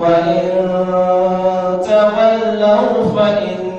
وإن تولوا فإن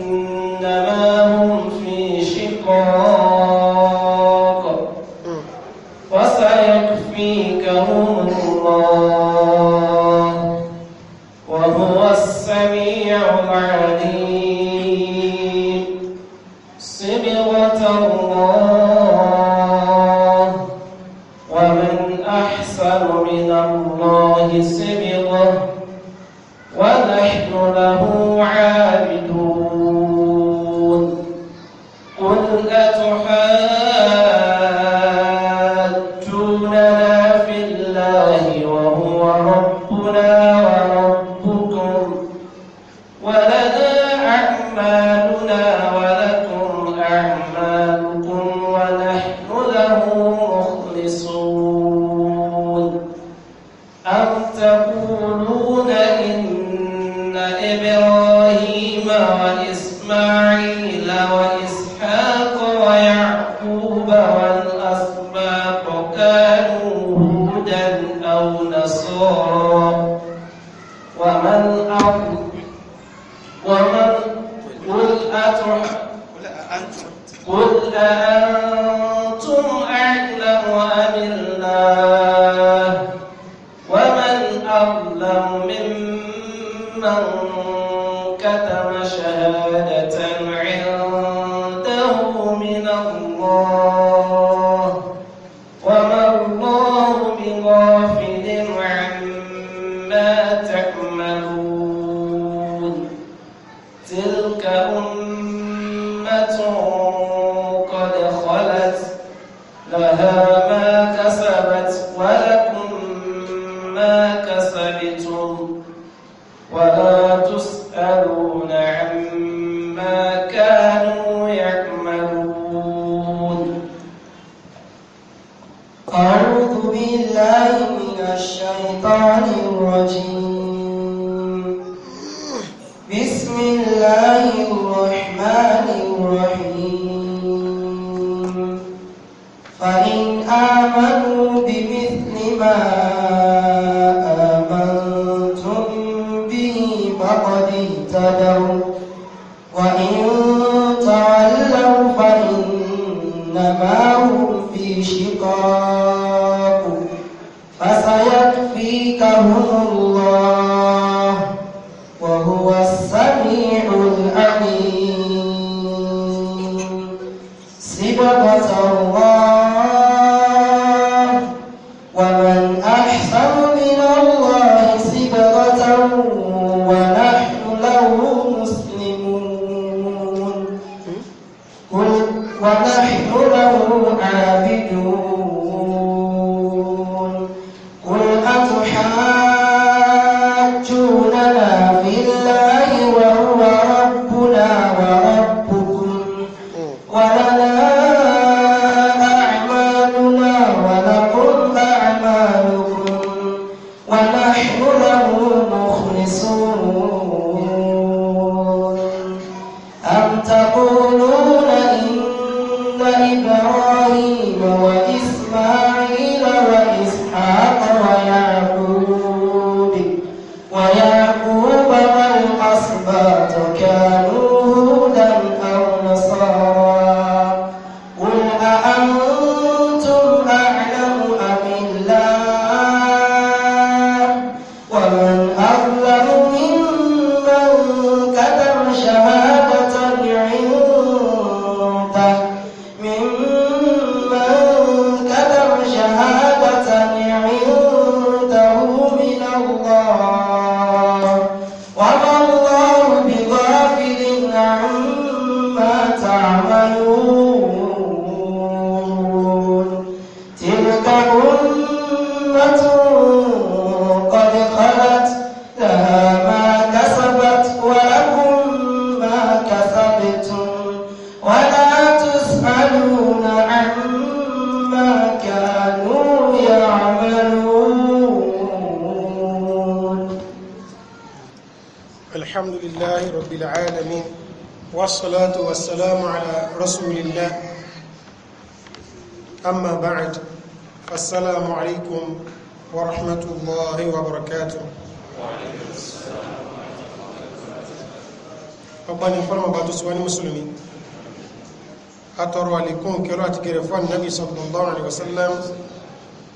rẹ̀ fún ànábì sallallahu alaihi wasallam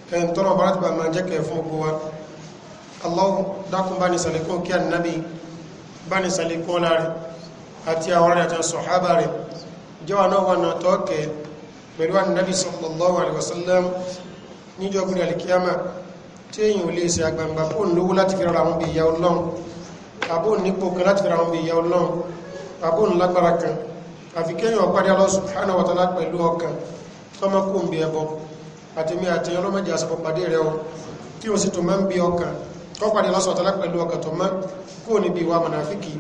kẹyìn tọrọ bá láti bá máa jẹ́ kẹ fún gbogbo wa Allah dákun bá ní sàlékún kí ànábì bá ní sàlékún láàrẹ̀ àti àwọn rẹ̀ àti sọ̀hábà rẹ̀ jẹ́wà náà wà náà tọ́ọ̀kẹ́ pẹ̀lú ànábì sallallahu alaihi wasallam níjọ́gbìn alikiyama tí èyàn ò lè ṣe àgbàǹgbà kó ń lówó láti fira àwọn bí ìyá ọlọ́run àbó àfikẹ́yìn ọ̀pádé Allah subhanahu pẹ̀lú ọkàn sọmọkú ń bí ẹbọ àtẹ̀mí àtẹ̀yàn lọ́mọdé àsọpọ̀ pàdé rẹ̀ o kí o sì tó máa ń bí ọkàn kọ́ pàdé lásọ̀tọ́lá pẹ̀lú ọkàn tó máa kó ní wa mọ̀nàfíkì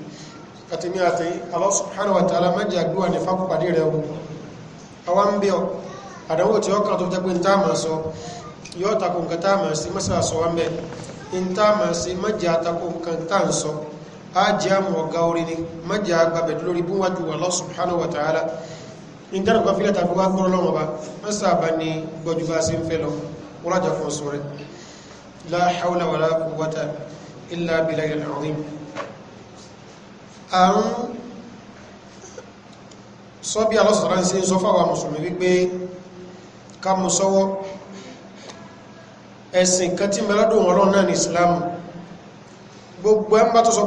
àtẹ̀mí àtẹ̀yìn Allah subhanahu wa ta'ala mẹ́jì àdúwà ní fákù pàdé rẹ̀ o àwa ń bí ọ àdánwò tí ọkàn tó jẹ́gbé ntá máa sọ yóò takò nǹkan tá máa sí mọ́sá sọ wá mẹ́ ntá subhanahu wa ta'ala nǹkan kan fílẹ̀ tàbí wá gbọ́rọ̀ lọ́wọ́ bá wọ́n sábà ní gbọ́júbá sí ń fẹ́ lọ wọ́lájà fún ọ̀sọ̀ rẹ̀ la hawla wala quwwata illa billahil azim àrùn sọ bí alọ́sọ̀rọ̀ sí ń sọ fáwà mùsùlùmí wípé ká mú sọ́wọ́ ẹ̀sìn kan tí mẹ́lọ́dún ọlọ́run náà ní ìsìlámù gbogbo ẹ̀ ń bá tó sọ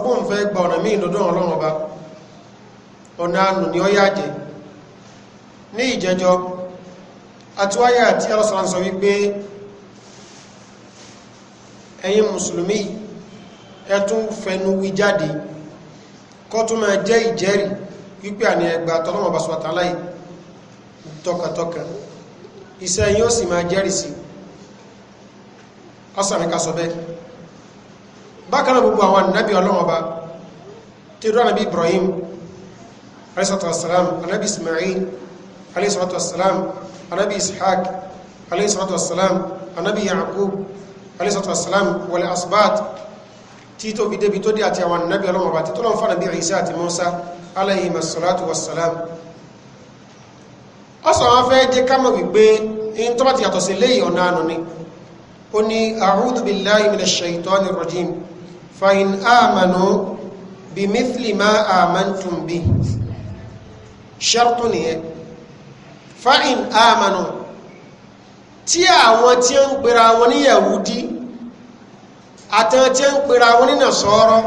ní ìjẹjọ́ àtúwáyà tí alọ́sọ̀rọ̀ sọ wípé ẹ̀yin mùsùlùmí ẹ̀tún fẹnu wí jáde kọ́ tún máa jẹ́ ìjẹ́rì wípé àní ẹgbà tọ́lọ́mọ̀ bá sọ́tà láì tọkàtọkà iṣẹ́ yín ó sì máa jẹ́rì sí ọ́sàmíkà sọ bẹ́ẹ̀ bákanáà Ibrahim alayhi salatu wassalam alayhi salatu wassalam anabi ishaq alayhi salatu wassalam anabi yaqub alayhi salatu wassalam wal asbat tí tó fi débi tó dé àti àwọn anabi ọlọ́wọ́ bá tí tó lọ́n fún anabi isa àti musa alayhi salatu wassalam ọsọ wọn fẹ́ jẹ́ ká mọ̀ wípé in tó bá ti yàtọ̀ sí léyìn ọ̀nà ànú ni ó ní a'udhu billahi minash shaitanir rajim fa in amanu bimithli ma amantum bi shartu nìyẹn fa'in amanu tí àwọn tí ó ń pera wọn ní yahudi àtàwọn tí ó ń pera wọn ní nasọ́rọ́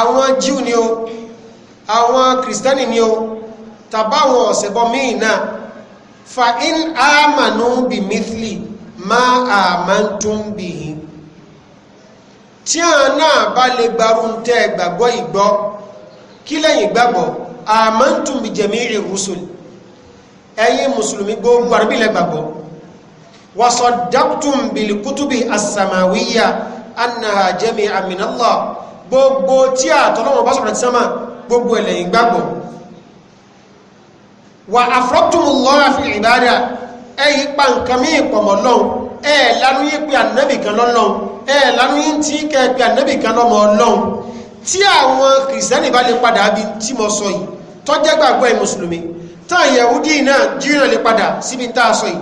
àwọn jíù ni o àwọn kìrìsìtánì ni o tàbáwọn ọ̀sẹ̀bọ míì náà fa'in amanu bi mithli ma amantum bihi tí àwọn náà bá lè gbarú tẹ́ gbàgbọ́ ìgbọ́ kí lẹ́yìn gbàgbọ́ amantum bi jami'i rusul ẹ̀yin mùsùlùmí gbogbo àrùbí lẹ́gbàgbọ́ wasaddaqtum bil kutubi as-samawiyya annaha jami'an min Allah gbogbo tí àtọ́lọ́wọ́ bá sọ̀rọ̀ ti sámà gbogbo ẹ̀lẹ́yìn gbàgbọ́ wà afrọ́tùmùlọ́ra fi ìbára ẹ̀yí pa nǹkan mí ìpọ̀mọ̀ lọ́un ẹ̀ lánú táwọn yahudi náà jíríà lè padà síbi tá a sọ yìí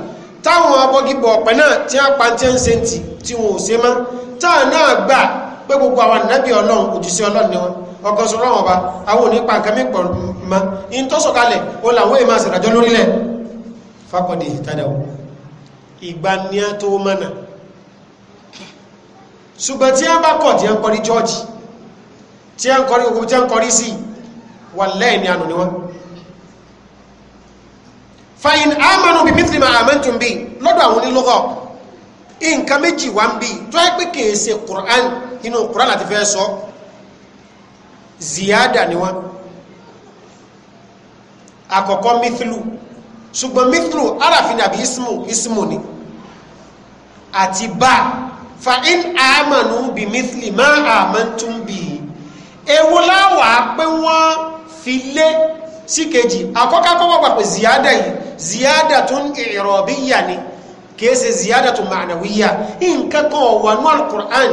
táwọn abọ́gibọ̀ ọ̀pẹ náà tí a pa tí a ń ṣe ti tí wọn ò ṣe mọ́ táà náà gbà pé gbogbo àwọn ànábì ọlọ́run òjìṣẹ́ ọlọ́run ni wọn ọkọ̀ sọ lọ́wọ́ ọba àwọn onípa a mi pọ̀ mọ́ in tó sọ̀kalẹ̀ ó làwọn èèmọ̀ àṣìràjọ lórílẹ̀ fákọ̀dé ìtàdáwò ìgbà ní a tó a bá kọ̀ tí a ń kọrí jọ́ọ̀jì tí a ń kọrí ogun tí a ń kọrí sí wà wọ́n fàyín àmànù bí mítìlìmọ̀ àmẹ́ntùn bí lọ́dọ̀ àwọn onílọ́gọ̀ nǹkan méjì wá ń bí tó ẹ́ pé kìí ṣe Qur'an inú Qur'an láti fẹ́ sọ ziyada ni wọn àkọ́kọ́ mítìlù ṣùgbọ́n mítìlù aráfin àbí ismu ismu ni àti bá fàyín àmànù bí mítìlìmọ̀ àmẹ́ntùn bí ewu láwàá pé wọ́n fi lé sí kejì àkọ́kọ́ gbà pé ziyada yìí ziyada tún i'rabiyya ni kìí ṣe ziyada tún ma'nawiyya nǹkan kan wà ní alukur'an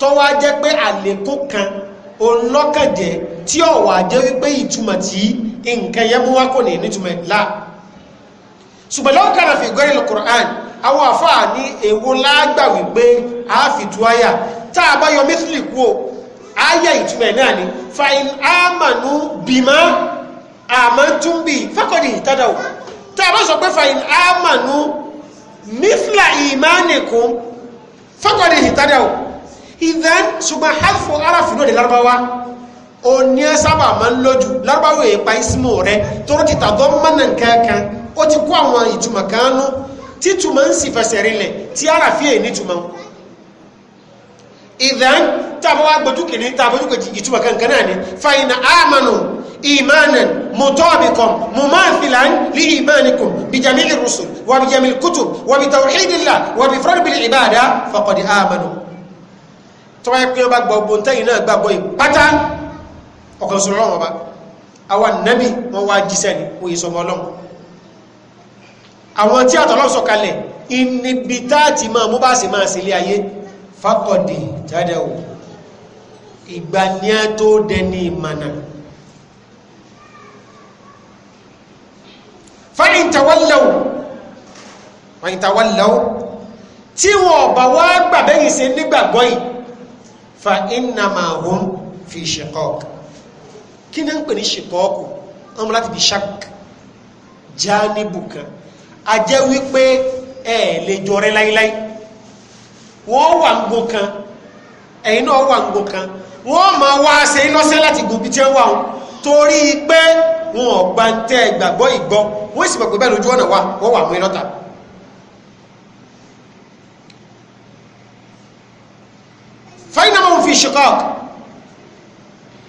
tó wá jẹ́ pé àlékún kan olọ́kànjẹ́ tí ó wà jẹ́ wípé ìtumọ̀ tí nǹkan yẹn mú wá kò ní nítumọ̀ lá ṣùgbọ́n lọ́kàrà fi gọ́rẹ̀ alukur'an àwọn àfáà ní èwo lágbà wípé àáfìtú àyà tá a bá yọ mẹ́sìlì kú o àyà ìtumọ̀ náà ni fa in amanu bima àmọ́ túnbì fákọ̀dì ìtàdà ò tá a bá sọ pé fàyín àmànú mithla ìmánìkún fákọ̀dì ìtàdà ò ìdán ṣùgbọ́n hafo aráfin lóde lárúbáwá ó ní ẹ sábà máa ń lójú lárúbáwá èèpa ismo rẹ tóró ti tàbọ́ mọ́nà kankan ó ti kó àwọn ìtumọ̀ kan nú títúmọ̀ ń sì fẹsẹ̀ rinlẹ̀ tí aráfin èyí nítumọ̀ ìdán tàbí wá gbójú kìíní tàbí ojú kejì ìtumọ̀ kankan náà ni fàyínà àmànù ìmánàn mutọ́bìkọm mùmáfìlán lí ìmánikum bìjàmí ìrùsùn wà bìjàmí kútù wà bì tàwíìdìlá wà bì fúrọ́dìbìlì ìbáàdá fọkọ̀dì àmànù tọ́wọ́ yẹ pé wọ́n bá gbọ́ gbóntẹ́yìn náà gbàgbọ́ ìpátá ọkàn sọ̀rọ̀ wọn bá àwọn nábì wọn wá jíṣẹ́ ni oyè sọmọ ọlọ́run fakọ̀dì tádẹ̀wò ìgbàníà tó dẹni ìmànà fáyìntàwọ́lẹ̀wò fáyìntàwọ́lẹ̀wò tí wọ́n bá wá gbàbẹ́yìn ṣe nígbàgbọ́ yìí fa innama hum fi shiqaq kí ní ń pè ní shiqaq ọmọ láti fi shak já níbùkan a jẹ́ wípé ẹ̀ẹ́lẹ́jọ́ rẹ̀ láíláí wọ́n wà ń gbò kan ẹ̀yin náà wà ń gbò kan wọ́n máa wá ṣe lọ́sẹ̀ láti gùn bí tí wà ń torí pé wọn ò gba ń tẹ́ ìgbàgbọ́ ìgbọ́ wọ́n sì mọ̀ pé bẹ́ẹ̀ lójú ọ̀nà wa wọ́n wà mú iná ta. fáyínà wọn fi ṣekọ́ọ̀k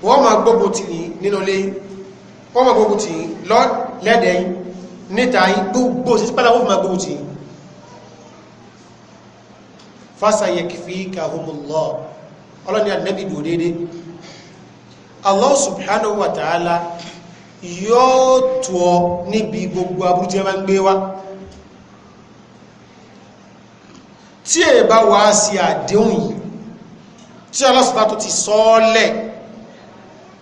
wọ́n máa gbógun tì yín nínú ilé wọ́n máa gbógun tì yín lọ́lẹ́dẹ̀ẹ́ níta gbogbo sí pálá wọ́n máa gbógun tì yín fasayakfikahumullah ọlọ́ni ànábì dò dédé Allah subhanahu wa ta'ala yóò tó ọ níbi gbogbo aburú tí ẹ máa ń gbé wá tí ẹ bá wá sí àdéhùn yìí tí ọlọ́sọ̀tà ti sọ́ọ́lẹ̀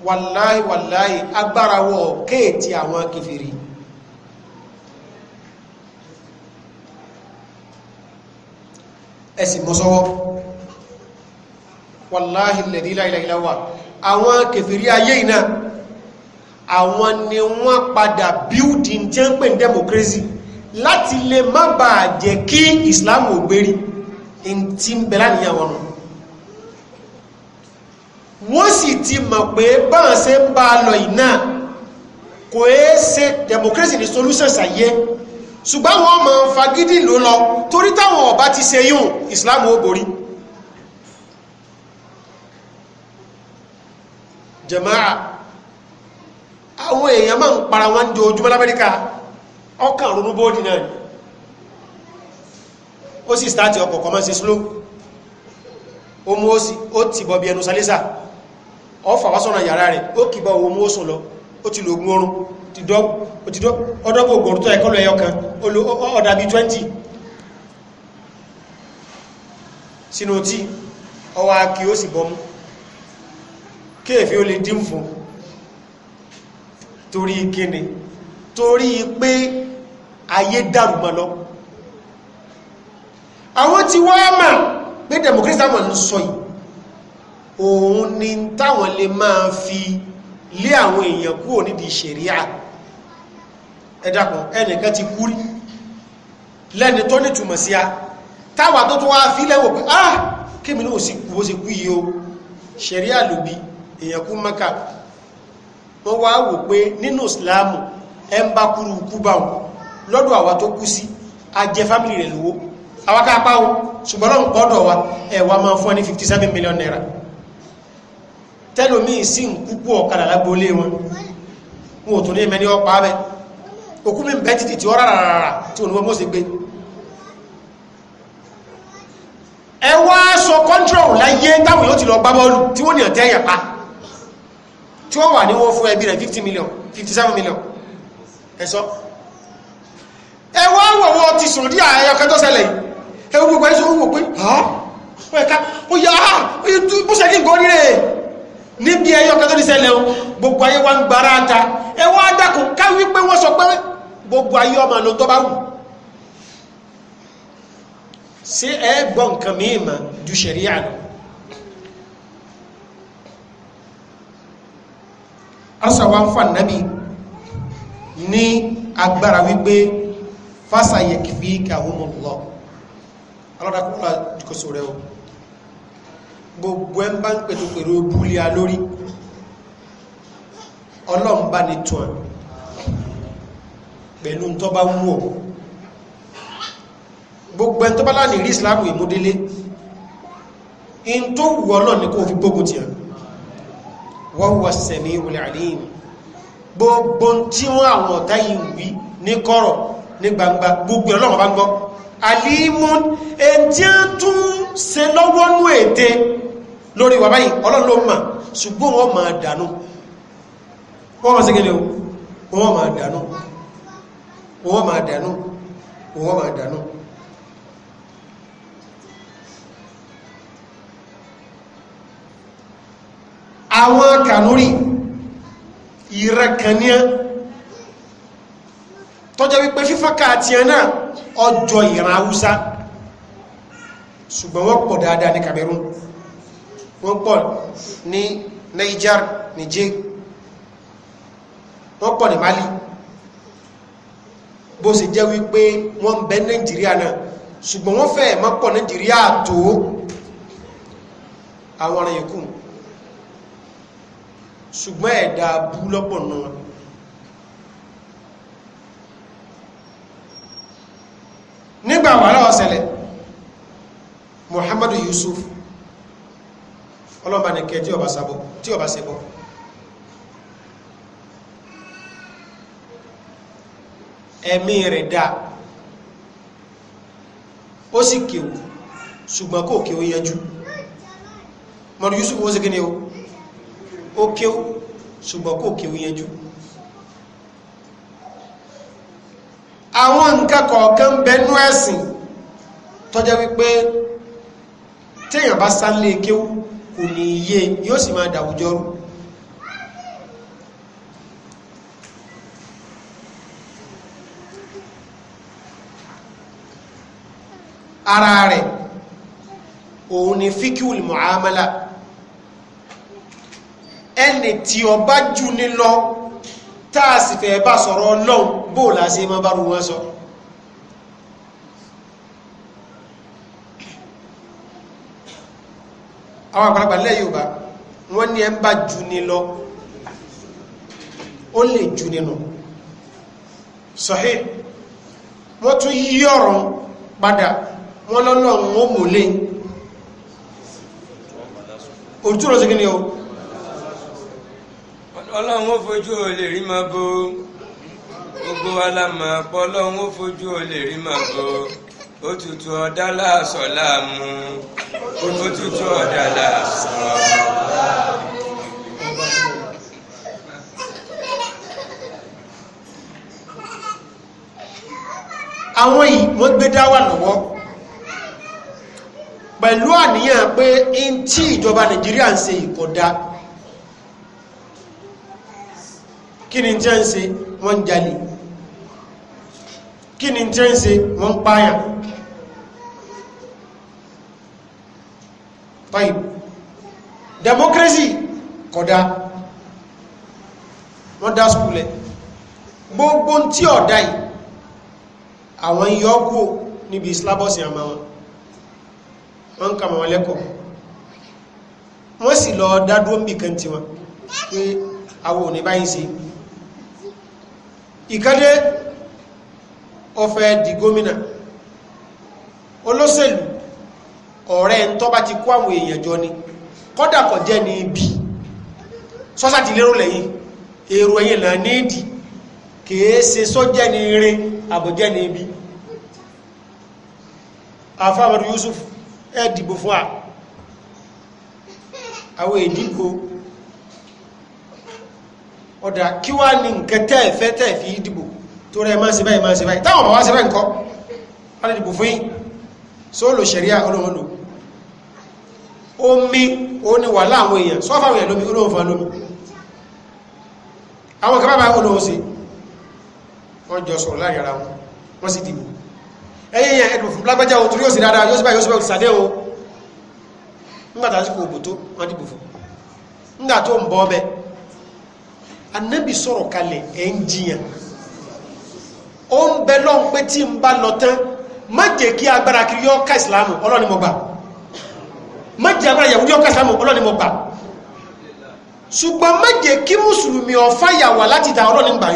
wàláhì wàláhì agbára wọ̀ kéètì àwọn kèfèrí ẹ̀sì mọ́sọ́wọ́ wàláhì lẹ̀díláìláìláwà àwọn kèfèrí ayé iná àwọn ni wọ́n padà bíúdì tí ó ń pè ní democracy láti lè má bà jẹ́ kí Islam ò gbérí tí ń bẹ̀rẹ̀ níyàwó nù wọ́n sì ti mọ̀ pé báwọn ṣe ń bá lọ ìná kò é ṣe democracy ni solution ṣàyé ṣùgbọ́n wọn máa ń fagídí ló lọ torí táwọn ọba ti ṣe yún ìsìláàmù ó borí jàmáà àwọn èèyàn máa ń para wọn jọ ojúmọ́ lamẹ́ríkà ọkàn ronú bóòdì náà ó sì stáàtì ọkọ̀ kọ́ máa ṣe slow mú ó ti bọ̀ bí ẹnu salisa ọ fà yàrá rẹ̀ ó kìbọ̀ òun ó sùn lọ ó ti lògùn oorun ọdọ́gbò gbòòrò tó ẹ̀kọ́ lọ ẹyọ kan ọ̀dà bí 20 sínú tí ọwọ́ akí ó sì bọ́mú kéèfé ó lè dín fún torí kíni torí pé ayé dàrùmọ̀ lọ àwọn tí wọ́n mọ̀ pé democracy ń sọ yìí òun ni táwọn lè máa fi lé àwọn èèyàn kúrò nídìí ṣẹ̀ríà ẹ̀dàpọ̀ ẹnìkan ti kú rí lẹ́ni tó nìtùmọ̀ sí a táwà tó tó wá fi lẹ́wọ̀ pé ah kémi náà sì kú ó sì kú yìí o ṣẹ̀rí àlòbí èèyàn kú mẹ́ka wọ́n wá wò pé nínú ìsìláàmù ẹ ń bá kúrú kú bá wọn lọ́dọ̀ àwa tó kú sí a jẹ fámìlì rẹ̀ lówó àwa ká pa o ṣùgbọ́n gbọ́dọ̀ wa ẹ̀ wá máa fún ẹ ní fifty seven million naira tẹ́lómi sí ń kú kú ọ̀kadà lágbólé wọn wọn ò tún ní ẹ̀mẹ́ni ọ̀pá bẹ́ẹ̀ òkú mi bẹ́ títì tí ó rárá rárá tí olùwọ́ mọ́ sí gbé ẹ wá sọ control láyé táwọn yóò ti lọ gbá bọ́ọ̀lù tí wọ́n ní ọ̀tẹ́ ẹ̀yà pa tí wọ́n wà ní wọ́n fún ẹbí rẹ̀ 50 million 57 million ẹ sọ ẹ wá wọ̀wọ́ ti sòdí àyọkẹ́ tó ṣẹlẹ̀ ẹ wọ́n gbogbo ẹ̀sọ́ wọ́n pé ọ̀ẹ́ká ó yá bó ṣe kí n gorí rẹ̀ níbi ẹyọkẹ́ tó ní ṣẹlẹ̀ gbogbo ayé wa ń gbára ta ẹ wá dákun ká wípé wọ́n sọ pé gbogbo ayé ọmọ ló tó bá wù ṣé ẹ gbọ́ nǹkan mìíràn ju ṣẹ̀ríà lọ asawa ń fa nàbí ní agbára wípé fásayẹ kìfì kàhùmù lọ alọ́dàkùnrin àjùkọsọ rẹ o gbogbo ẹ ń bá ń pẹ̀tọ̀ pẹ̀lú búlíà lórí ọlọ́mbà ní tún pẹ̀lú tó bá mú ọ gbogbo ẹn tó bá láàrin rí islamu ìmúdélé in tó wù ọlọ́ ní kó fi gbógun tí a wọ́n wà sẹ̀mí ìwòlẹ̀ àdíyìn gbogbo tí wọ́n àwọn ọ̀tá yìí ní kọ̀rọ̀ ní gbangba gbogbo ọlọ́run bá ń gbọ́ alimun ẹ̀ntí tún ṣe lọ́wọ́ nú ète lórí wà báyìí ọlọ́run ló mà ṣùgbọ́n wọ́n máa dànù wọ́n máa wọ́n máa dànù wọ́n máa dànù àwọn kànúrì ìrẹkànníà tọ́jọ́ wípé fífọ́ká àti ẹ̀nà ọjọ́ ìran haúsá ṣùgbọ́n wọ́n pọ̀ dáadáa ní Cameroon wọ́n pọ̀ ní Niger Niger wọ́n pọ̀ ní Mali bó ṣe jẹ́ wípé wọ́n ń bẹ nàìjíríà náà ṣùgbọ́n wọ́n fẹ́ má pọ̀ nàìjíríà tó àwọn ará yòókù ṣùgbọ́n ẹ̀dà bú lọ́pọ̀ náà nígbà wàhálà ọ̀sẹ̀lẹ̀ Muhammadu Yusuf ọlọ́mọbanikẹ tí ọba sábọ̀ tí ọba sẹ́bọ̀ ẹ̀mí rẹ̀ dáa ó sì kéwù ṣùgbọ́n kò kéwù yẹjú mọ̀rún Yusuf ó sì kí ni o ó kéwù ṣùgbọ́n kò kéwù yẹjú àwọn nǹkan kọ̀ọ̀kan bẹnú ẹ̀sìn tọ́jẹ́ wípé téèyàn bá sálé kéwù kò ní iye yóò sì máa dàwùjọ rú ara rẹ̀ òun ni fíkíwìl mọ̀hámẹ́lá ẹni tí ó bá jù ní lọ táà sì fẹ́ bá sọ̀rọ̀ ọlọ́run bóòlá sí ma bá rú sọ àwọn àpàràpà lẹ́ yóò bá wọ́n ní ẹ ń bá jù ní lọ ó lè jù nínú sọ̀hí wọ́n tún yí ọ̀rọ̀ padà wọ́n lọ́lọ́ wọn mọ̀lé ojú rọ̀ sí kí ni o ọlọ́run ó fojú olè rí máa bo gbogbo wa la mọ̀ pọ̀ ọlọ́run ó fojú olè rí máa bo òtútù ọ̀dá láàsọ̀ láàmú òtútù ọ̀dá láàsọ̀ àwọn yìí wọ́n gbé dá wà lọ́wọ́ pẹ̀lú àníyàn pé in tí ìjọba nàìjíríà ń ṣe ìkọ̀dá kí ni tí ń ṣe wọ́n ń jalè kí ni tí ń ṣe wọ́n ń pààyàn democracy kọ̀dá wọ́n dá skúlẹ̀ gbogbo tí ọ̀dá yìí àwọn yọ́kù níbi islabọ́sì àmà wọ́n kà wọn lẹ́kọ̀ọ́ wọ́n sì lọ dádúró ń bì kan ti wọn pé àwọn òní báyìí ṣe ìkádé ọfẹ́ di gómìnà olóṣèlú ọ̀rẹ́ ń tọ́ bá ti kó àwọn èèyàn jọ ni kọ́dà kọ̀ jẹ́ ní ibi sọ́sà ti lérò lẹ́yìn èrò ẹ̀yìn là nídì kìí sọ́jẹ́ ní ire àbọ̀jẹ́ ní ibi afáàmọ́dù Yusuf ẹ dìbò fún à àwọn ìdìbò ọ̀dà kí wá ní nǹkan tẹ́ẹ̀fẹ́ tẹ́ẹ̀fì ìdìbò tó rẹ̀ máa ṣe báyìí máa ṣe báyìí táwọn ọmọ wá báyìí nǹkan wọ́n dìbò fún yín sóòlò ṣẹ̀ríà olóòlò omi ó ní wà láàwọn èèyàn sọ́fà àwọn èèyàn lómi olóòfà lómi àwọn kẹfà bá olóòsì wọ́n jọ sọ̀rọ̀ láàrin ẹ̀yìn yẹn ẹ̀dùn fún lágbájá o torí yóò sì dáadáa yóò sì báyìí yóò sì báyìí sàdé o ńgbàtà sí kò bòtó wọn dìbò fún ńgbà tó ń bọ́ ọbẹ̀ anábì sọ̀rọ̀ kalẹ̀ ẹ̀ ń jiyàn ó ń bẹ lọ́n pé tí ń bá lọ tán má jẹ́ kí agbára kiri yọ ká ìsìlámù ọlọ́ni mo má jẹ́ agbára yàwó yọ ká ìsìlámù ọlọ́ni mo ṣùgbọ́n má jẹ́ kí mùsùlùmí ọ̀fáyàwà láti dá ọlọ́ni gbà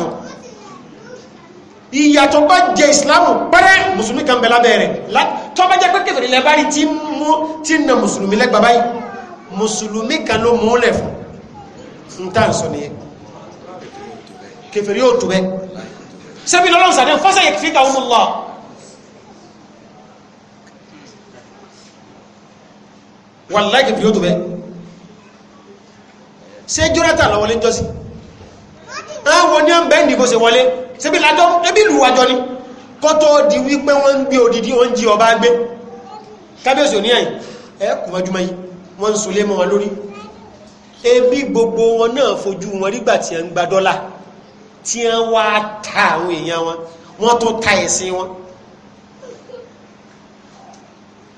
ìyàtọ̀ bá jẹ ìsìláàmù pẹ́rẹ́ mùsùlùmí kan bẹ̀ lábẹ́ rẹ̀ tó bá jẹ́ pé kèfèrè ilẹ̀ báyìí tí mú tí na mùsùlùmí lẹ́gbà báyìí mùsùlùmí kan ló mú lẹ̀ fún un tá à ń sọ nìyẹn kèfèrè yóò tó bẹ́ sẹ́bi lọ́lọ́run sàdé lọ. wọlé jọ́sí àwọn ní à ń bẹ́ẹ̀ wọlé ṣebí lájọ́ ẹbí ìlú wájọ́ ni kọ́ tó di wípé wọ́n ń gbé odidi oúnjẹ ọba gbé kábíyèsí òní ẹ̀yìn ẹ kò mọ́júmọ́ yìí wọ́n ń sọlé mọ́ wọn lórí ẹbí gbogbo wọn náà fojú wọn nígbà tí ń gba dọ́là tí ń wá ta àwọn èèyàn wọn wọ́n tó ta ẹ̀sìn wọn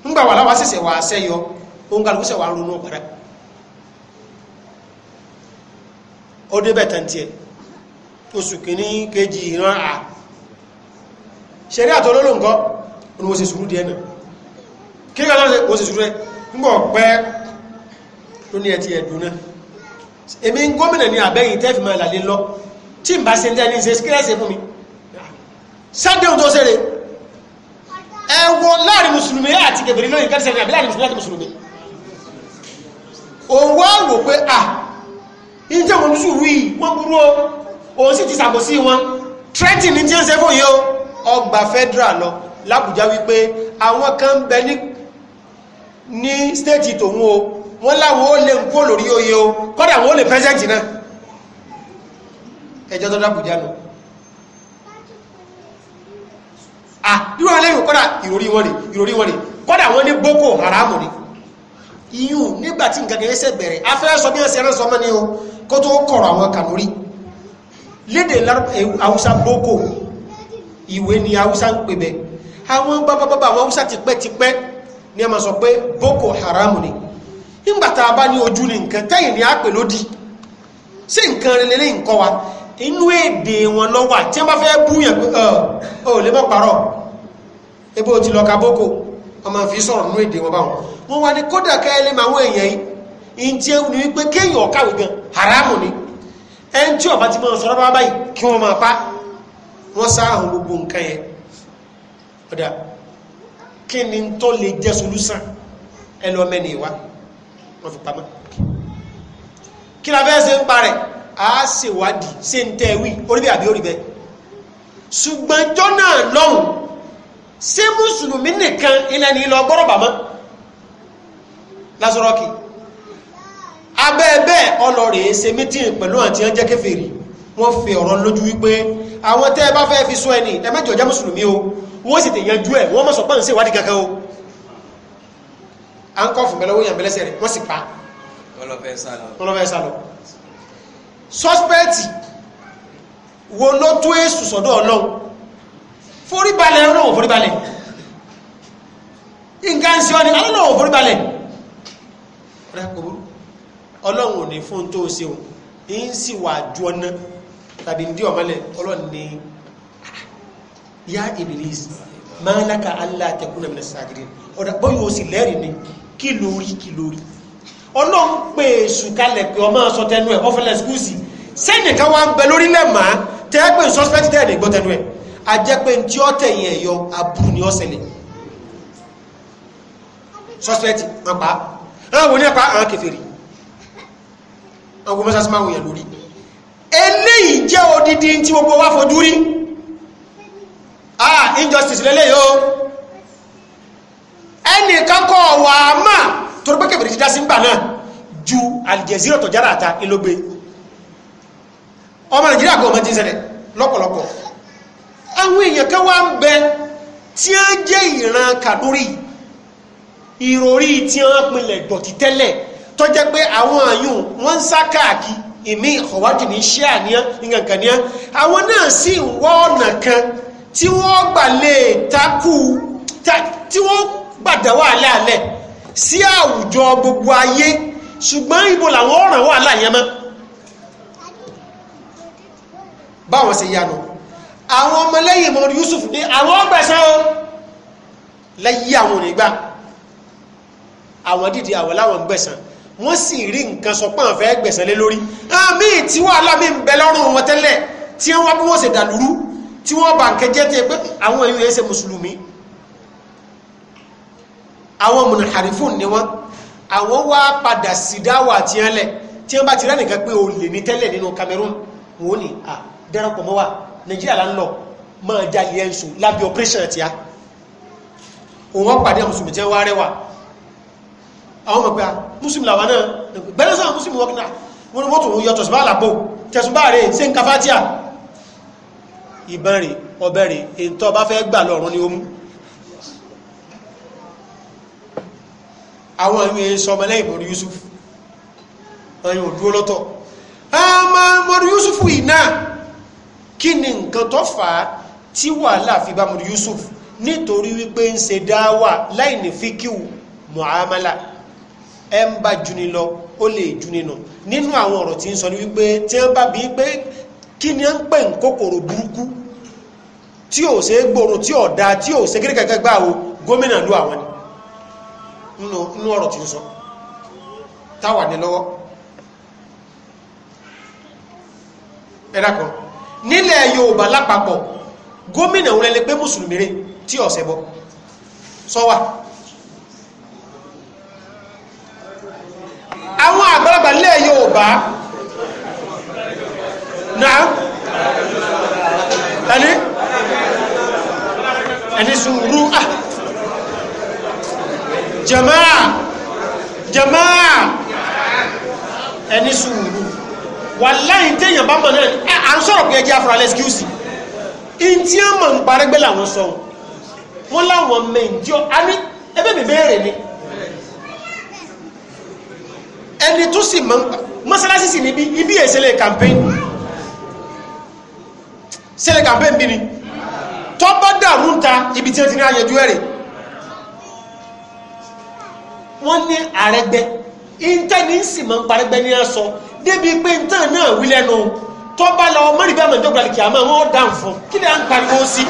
ńgbà wà láwa ṣẹ̀ṣẹ̀ wà sẹ́yọ òun kàlùkù ṣẹ̀ wà ronú padà ó débẹ̀ tán tiẹ̀ oṣù kìíní kejì ìran à ṣeré àtọ́lọ́lọ́ nǹkan ní oṣù sùúrù díẹ̀ náà kí ní ọlọ́sẹ̀ oṣù sùúrù ẹ ńgbọ̀ pẹ́ tó ní ẹtì ẹ̀dùn náà èmi gómìnà ní àbẹ́yìn tẹ́fì máa làlé lọ tí n bá ṣe ń tẹ́ ní ṣe skírẹ́sì fún mi sádẹ́hùn tó ṣeré ẹ wo láàrin òun sì ti sàbòsí wọn trenton ní tí ń ṣe fún yìí ó ọgbà federal lọ làbújá wípé àwọn kan ń bẹ ní ní stéètì tòun o wọ́n láwọn ó lè ń kó lórí oyè o kọ́dà wọ́n ó lè pẹ́sẹ̀ntì náà ẹjọ́ tó làbújá lọ ah irú alẹ́ yìí kọ́dà ìròrí wọn rè ìròrí wọn rè kọ́dà wọn ní boko haram ni iyùn nígbàtí nǹkan kẹrẹsẹ̀ bẹ̀rẹ̀ afẹ́ sọ bí wọ́n ṣe rán sọmọ́ ni o kó tó kọ̀rọ̀ àwọn kànórí lédè eh, haúsá boko ìwé ni haúsá ń pè bẹ àwọn bábábábá àwọn haúsá tipẹ́tipẹ́ ni a máa sọ pé boko haram ni nígbàtà bá ní ojú ni nǹkan tẹ́yìn ni a pè lódì sí nǹkan rẹ̀ lé nǹkan wa inú èdè wọn lọ tí wọ́n bá fẹ́ búyàn pé ọ ò lè mọ̀ parọ́ ebe o ti lọ ka boko ọmọ fi sọ̀rọ̀ nínú èdè wọn báwọn wọn wá ní kódà káyẹ́lẹ́mọ̀ àwọn èèyàn yìí ìjẹun ni wípé kéèyàn ọ̀kàwé gan haramu ni ẹn tí ọba ti mọ́ sọ́rọ́ bá báyìí kí wọ́n máa pa wọ́n sáàhùn gbogbo nǹkan yẹn ọ̀dà kí ni tó lè jẹ́ solúsàn ẹlọ mẹ́ni ìwá wọ́n fi pamọ́ kí la fẹ́ ṣe ń parẹ̀ a ṣèwádìí ṣe ń tẹ́ wí oríbẹ̀ àbí oríbẹ̀ ṣùgbọ́n jọ́nà lọ́hùn ṣé mùsùlùmí nìkan ilẹ̀ ní lọ gbọ́rọ̀ bàmọ́ lásọ̀rọ̀ kìí abẹ́ bẹ́ẹ̀ ọlọ́rẹ̀ ṣe mítìn pẹ̀lú àti ẹjẹ́ kéfèrè wọ́n fi ọ̀rọ̀ lójú wípé àwọn tẹ́ bá fẹ́ fi sún ẹni ẹmẹ́jọ jẹ́ mùsùlùmí o wọ́n sì tèyànjú ẹ̀ wọ́n mọ̀sọ̀ pàǹsẹ̀ ìwádìí kankan o a ń kọ́ fún mẹ́lẹ́wọ́ yàn mẹ́lẹ́sẹ̀ rẹ̀ wọ́n sì pa ọlọ́fẹ́ sálọ sọ́spẹ́ẹ̀tì wo ló tó èsù sọ́dọ̀ ọlọ́run foríbalẹ̀ ọlọ́run foríbalẹ̀ nǹkan ń ṣe ọ́ ni alọ́run foríbalẹ̀ rẹ̀ kò burú ọlọ́run ò ní fún tó ṣe o ń sì wà ju ọ̀nà tàbí ndí ọ̀mọ́lẹ̀ ọlọ́run ní ya ibilis máa lákà allah tẹkùn náà sàgìrì ọ̀dà bóyá o sì lẹ́rìí ni kí lórí kí lórí ọlọ́run pè èṣù kalẹ̀ pé ọmọ sọ tẹnu ẹ̀ ọfẹlẹ̀ skúùsì sẹ́yìn ká wá ń bẹ lórí lẹ́mà tẹ́ẹ̀pẹ́ sọ́spẹ́tì tẹ́ẹ̀ nígbọ́ ni ó ṣẹlẹ̀ sọ́spẹ́tì wọn pa àwọn oníyàpá ọgbọ́n mẹ́sàsí máa wòyàn lórí eléyìí jẹ́ odidi tí gbogbo wa fojú rí ah injustice lélẹ́yìí o ẹnìkan kọ́ wà á mà torí pé kẹfìrì ti dá sí ń náà ju alìjẹsírò tó jára àta ilógbe ọmọ nàìjíríà kò mọ ti ń ṣẹlẹ̀ lọ́pọ̀lọpọ̀ àwọn èèyàn kan wá ń bẹ tí ó jẹ́ ìran kàdúrì ìròrí tí wọ́n pinlẹ̀ dọ̀tí tẹ́lẹ̀ tó jẹ́ pé àwọn àyùn wọ́n ń sá káàkiri ìmí ìkọ̀wájú ní iṣẹ́ àníyàn nǹkan kan níyàn àwọn náà sì ń wọ́ ọ̀nà kan tí wọ́n gbà lè takú tí wọ́n gbàdá wàhálà alẹ́ sí àwùjọ gbogbo ayé ṣùgbọ́n ibo làwọn ọ̀ràn wàhálà yẹn mọ́ báwọn ṣe yanu àwọn ọmọlẹ́yìn mọ́ Yusuf ní àwọn ọgbẹ̀sán o lẹ́yìn àwọn onígbà àwọn dìde àwọn láwọn gbẹ̀sán wọ́n sì rí nǹkan sọ pọ́n fẹ́ gbẹ̀sẹ̀ lé lórí àmì tí wàhálà mi ń bẹ lọ́rùn wọn tẹ́lẹ̀ tí wọ́n bí wọ́n ṣe dàlúrú tí wọ́n bá nǹkan jẹ́ tẹ́ pé àwọn èèyàn ẹ̀ ṣe mùsùlùmí àwọn mùnàhàrífùn ni wọ́n àwọn wá padà sídáwà tí wọ́n lẹ̀ tí wọ́n bá ti rẹ́ nìkan pé o lè ní tẹ́lẹ̀ nínú Cameroon wọ́n ní à dẹ́rọ̀pọ̀ mọ́ wa Nàìjíríà là ń lọ máa jalè ẹ̀ ń sùn lábẹ́ operation tí a òun wọ́n pàdé àwọn mùsùlùmí tí wọ́n wá àwọn ọmọ pé a ah, muslim làwà náà bẹ́rẹ̀ sáà muslim wọ́n náà ah, wọ́n ni wọ́n tó yọ tọ̀sùbá àlàpò tẹ̀sùbá rẹ̀ ṣe ń kafatia ìbọn rẹ̀ ọbẹ̀ bá fẹ́ gbà lọ́rùn ni ó àwọn ìwé sọmọ lẹ́yìn mọ̀rú Yusuf ẹ̀yìn òdúró lọ́tọ̀ ọmọ mọ̀rú Yusuf yìí náà kí ni nǹkan Yusuf nítorí wípé ń ṣe dáwà muamala ẹ ń bá juni lọ ó lè juni nù nínú àwọn ọ̀rọ̀ tí ń sọ ni wípé tí wọ́n bá bí pé kí ni ó ń pè ń kòkòrò burúkú tí ò ṣe é gbòòrò tí ò dáa tí ò ṣe kékeré gbà wo gómìnà ló àwọn ni nínú ọ̀rọ̀ tí ń sọ táwa ní lọ́wọ́ ẹ dákun nílẹ̀ Yorùbá lápapọ̀ gómìnà òun lẹ́lẹ́ pé mùsùlùmí rẹ̀ tí ọ̀sẹ̀ bọ́ sọ́wà so, wà lẹ́ Yorùbá náà ẹni ẹni sùúrù à jàmáà jàmáà ẹni sùúrù wà láyìn téèyàn bá mọ̀ náà ah, à ń sọ̀rọ̀ pé ẹjẹ́ afro alẹ́síkúsì in tí a mọ̀ ń parẹ́gbẹ́ làwọn sọ wọn láwọn mẹ́jọ a ní ẹbẹ́ mi bẹ́ẹ̀rẹ̀ ni ẹni tó sì mọ́ mọ́sálásí sì níbi ibi èsèlè campaign sẹ́lẹ̀ campaign bí ni tó bá dàrú ta ibi tí wọ́n ti ní àyẹ̀jú ẹ̀rẹ̀ wọ́n ní àrẹ́gbẹ́ ìntẹ́ni sì mọ́ parẹ́gbẹ́ ní aṣọ débi pé ìntàn náà wí lẹ́nu tó bá lọ mọ́rìbí àmọ́jọ́gbàlì kìá máa wọ́n dáhùn fún kí ni à ń pariwo sí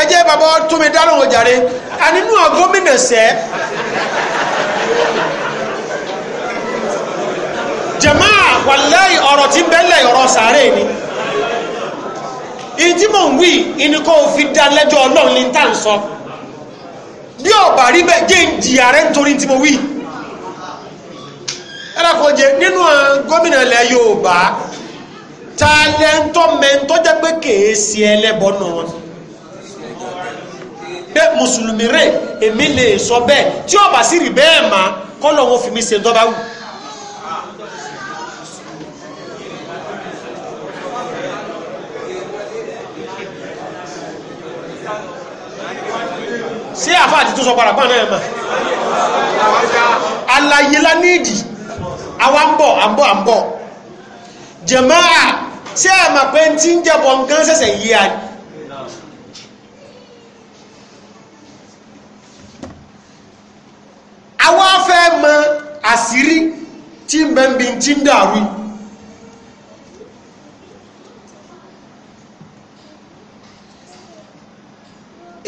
ẹ jẹ́ bàbá tó mi dá lóhùn jàre ànínú gómìnà sẹ́ jẹ̀má wàlẹ́ ọ̀rọ̀ tí bẹ́lẹ̀ ọ̀rọ̀ sàárè ni ìdí mò ń wí ìníkọ́ òfin dá lẹ́jọ́ ọlọ́run ní tá à ń sọ bí ọ̀bà rí bẹ́ẹ̀ jẹ́ ìjìyà rẹ̀ nítorí tí mo wí ẹlẹ́kọ̀ọ́jẹ nínú gómìnà ilẹ̀ Yorùbá ta lẹ́ńtọ́ mẹ́ńtọ́ jẹ́ pé kèé sí ẹlẹ́bọ̀nù wọn pé mùsùlùmí rè èmi lè sọ bẹ́ẹ̀ tí ó bá sì rí bẹ́ẹ̀ mà kọ́lọ̀ wọn fi mí ṣe dọ́bà wù. ṣé àfáàdì tó sọ parapá náà mà àlàyé la nídìí àwa ń bọ̀ à ń bọ̀ à ń bọ̀ jẹ̀máà ṣé àmàpẹ́ ń ti ń jẹ́ nǹkan ṣẹ̀ṣẹ̀ yí àná. àwa fẹ́ mọ àṣírí tí ń bẹ ń bi tí ń dàrú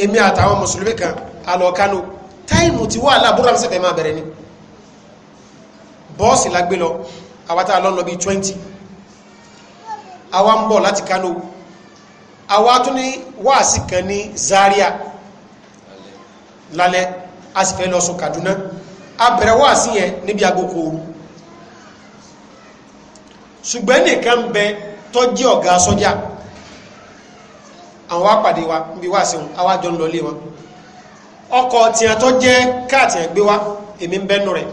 èmi àtàwọn mùsùlùmí kan alọ́kánú táìmù tí wà láàbúrò àmì sẹ́fẹ̀ẹ́ máa bẹ̀rẹ̀ ni bọ́ọ̀sì lágbé lọ àwátá lọ́nà bí 20 àwa ń bọ̀ láti Kánò àwa tún ní wáàsí kan ní Zaria lálẹ́ a sì fẹ́ lọ sùn Kaduna abẹ̀rẹ̀ wà yẹn níbi agogo ooru ṣùgbọ́n nìkan bẹ tọ́jú ọ̀gá sọ́jà àwọn apàdé wa níbi wà sí wọn ń lọlé wọn ọkọ̀ tí a tọ́ jẹ́ káàtì wa èmi ń bẹ́nu rẹ̀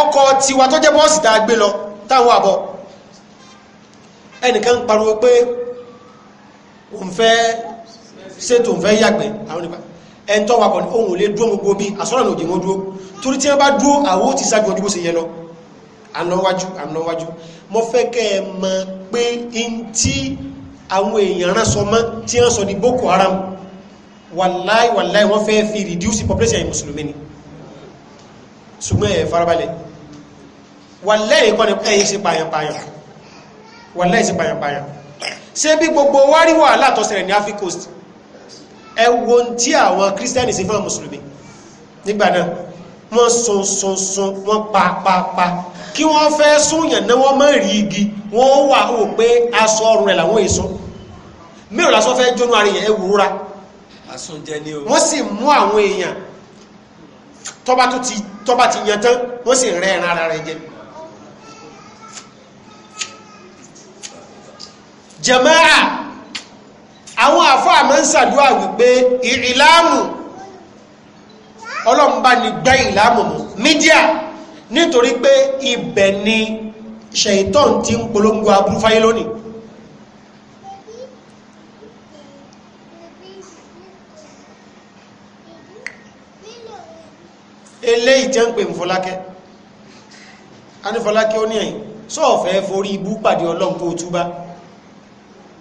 ọkọ̀ tiwa tó jẹ́ bọ́ọ̀sì tá a gbé lọ táwọn àbọ̀ ẹnìkan ń pariwo pé òun fẹ́ ṣètò òun fẹ́ ẹntọ́ wakọ̀ ní ohun olè dúó gbogbo bí àsọ́nà ní òjìmọ́ dúó torí tí wọ́n bá dúó àwọ́ ti sájú ọdún bó ṣe yẹ lọ ànáwájú ànáwájú mo fẹ́ kẹ́ ẹ mọ̀ pé in tí àwọn èèyàn rán sọ mọ́ tí wọ́n sọ ní Boko Haram wàláì wàláì wọ́n fẹ́ fi reduce population mùsùlùmí ni ṣùgbọ́n ẹ̀ farabalẹ̀ wàláì kọ́ni ẹ̀yìn ṣe pààyàn wàláì ṣe pààyàn ṣe bí gbogbo wárí wàhálà tó ṣẹlẹ̀ ní Africa Coast ẹwọ tí àwọn kírísítẹ́nì sí fún mùsùlùmí nígbà náà wọ́n sun sun sun wọ́n pa pa pa kí wọ́n fẹ́ súnyàn náà wọ́n mọ́ rí igi wọ́n wà ó pé aṣọ ọrùn rẹ̀ làwọn èso mẹ́rin lásán fẹ́ jónú ara èèyàn ẹwù rúra wọ́n sì mú àwọn èèyàn tọ́ba tó ti tọ́ba ti yan tán wọ́n sì rẹ́ ẹran ara rẹ̀ jẹ jẹmáà àwọn àfáà máa ń ṣàdúrà wípé ìlàmù ọlọ́mbà ní gbẹ́ ìlàmù mú mídíà nítorí pé ibẹ̀ ni ṣèitán ti ń polongo aburú fáyé lónìí eléyìí jẹ́ ń pè fọlákẹ́ a ní fọlákẹ́ ó ní ẹ̀yìn sọ́ọ̀fẹ́ forí ibú pàdé ọlọ́run túbá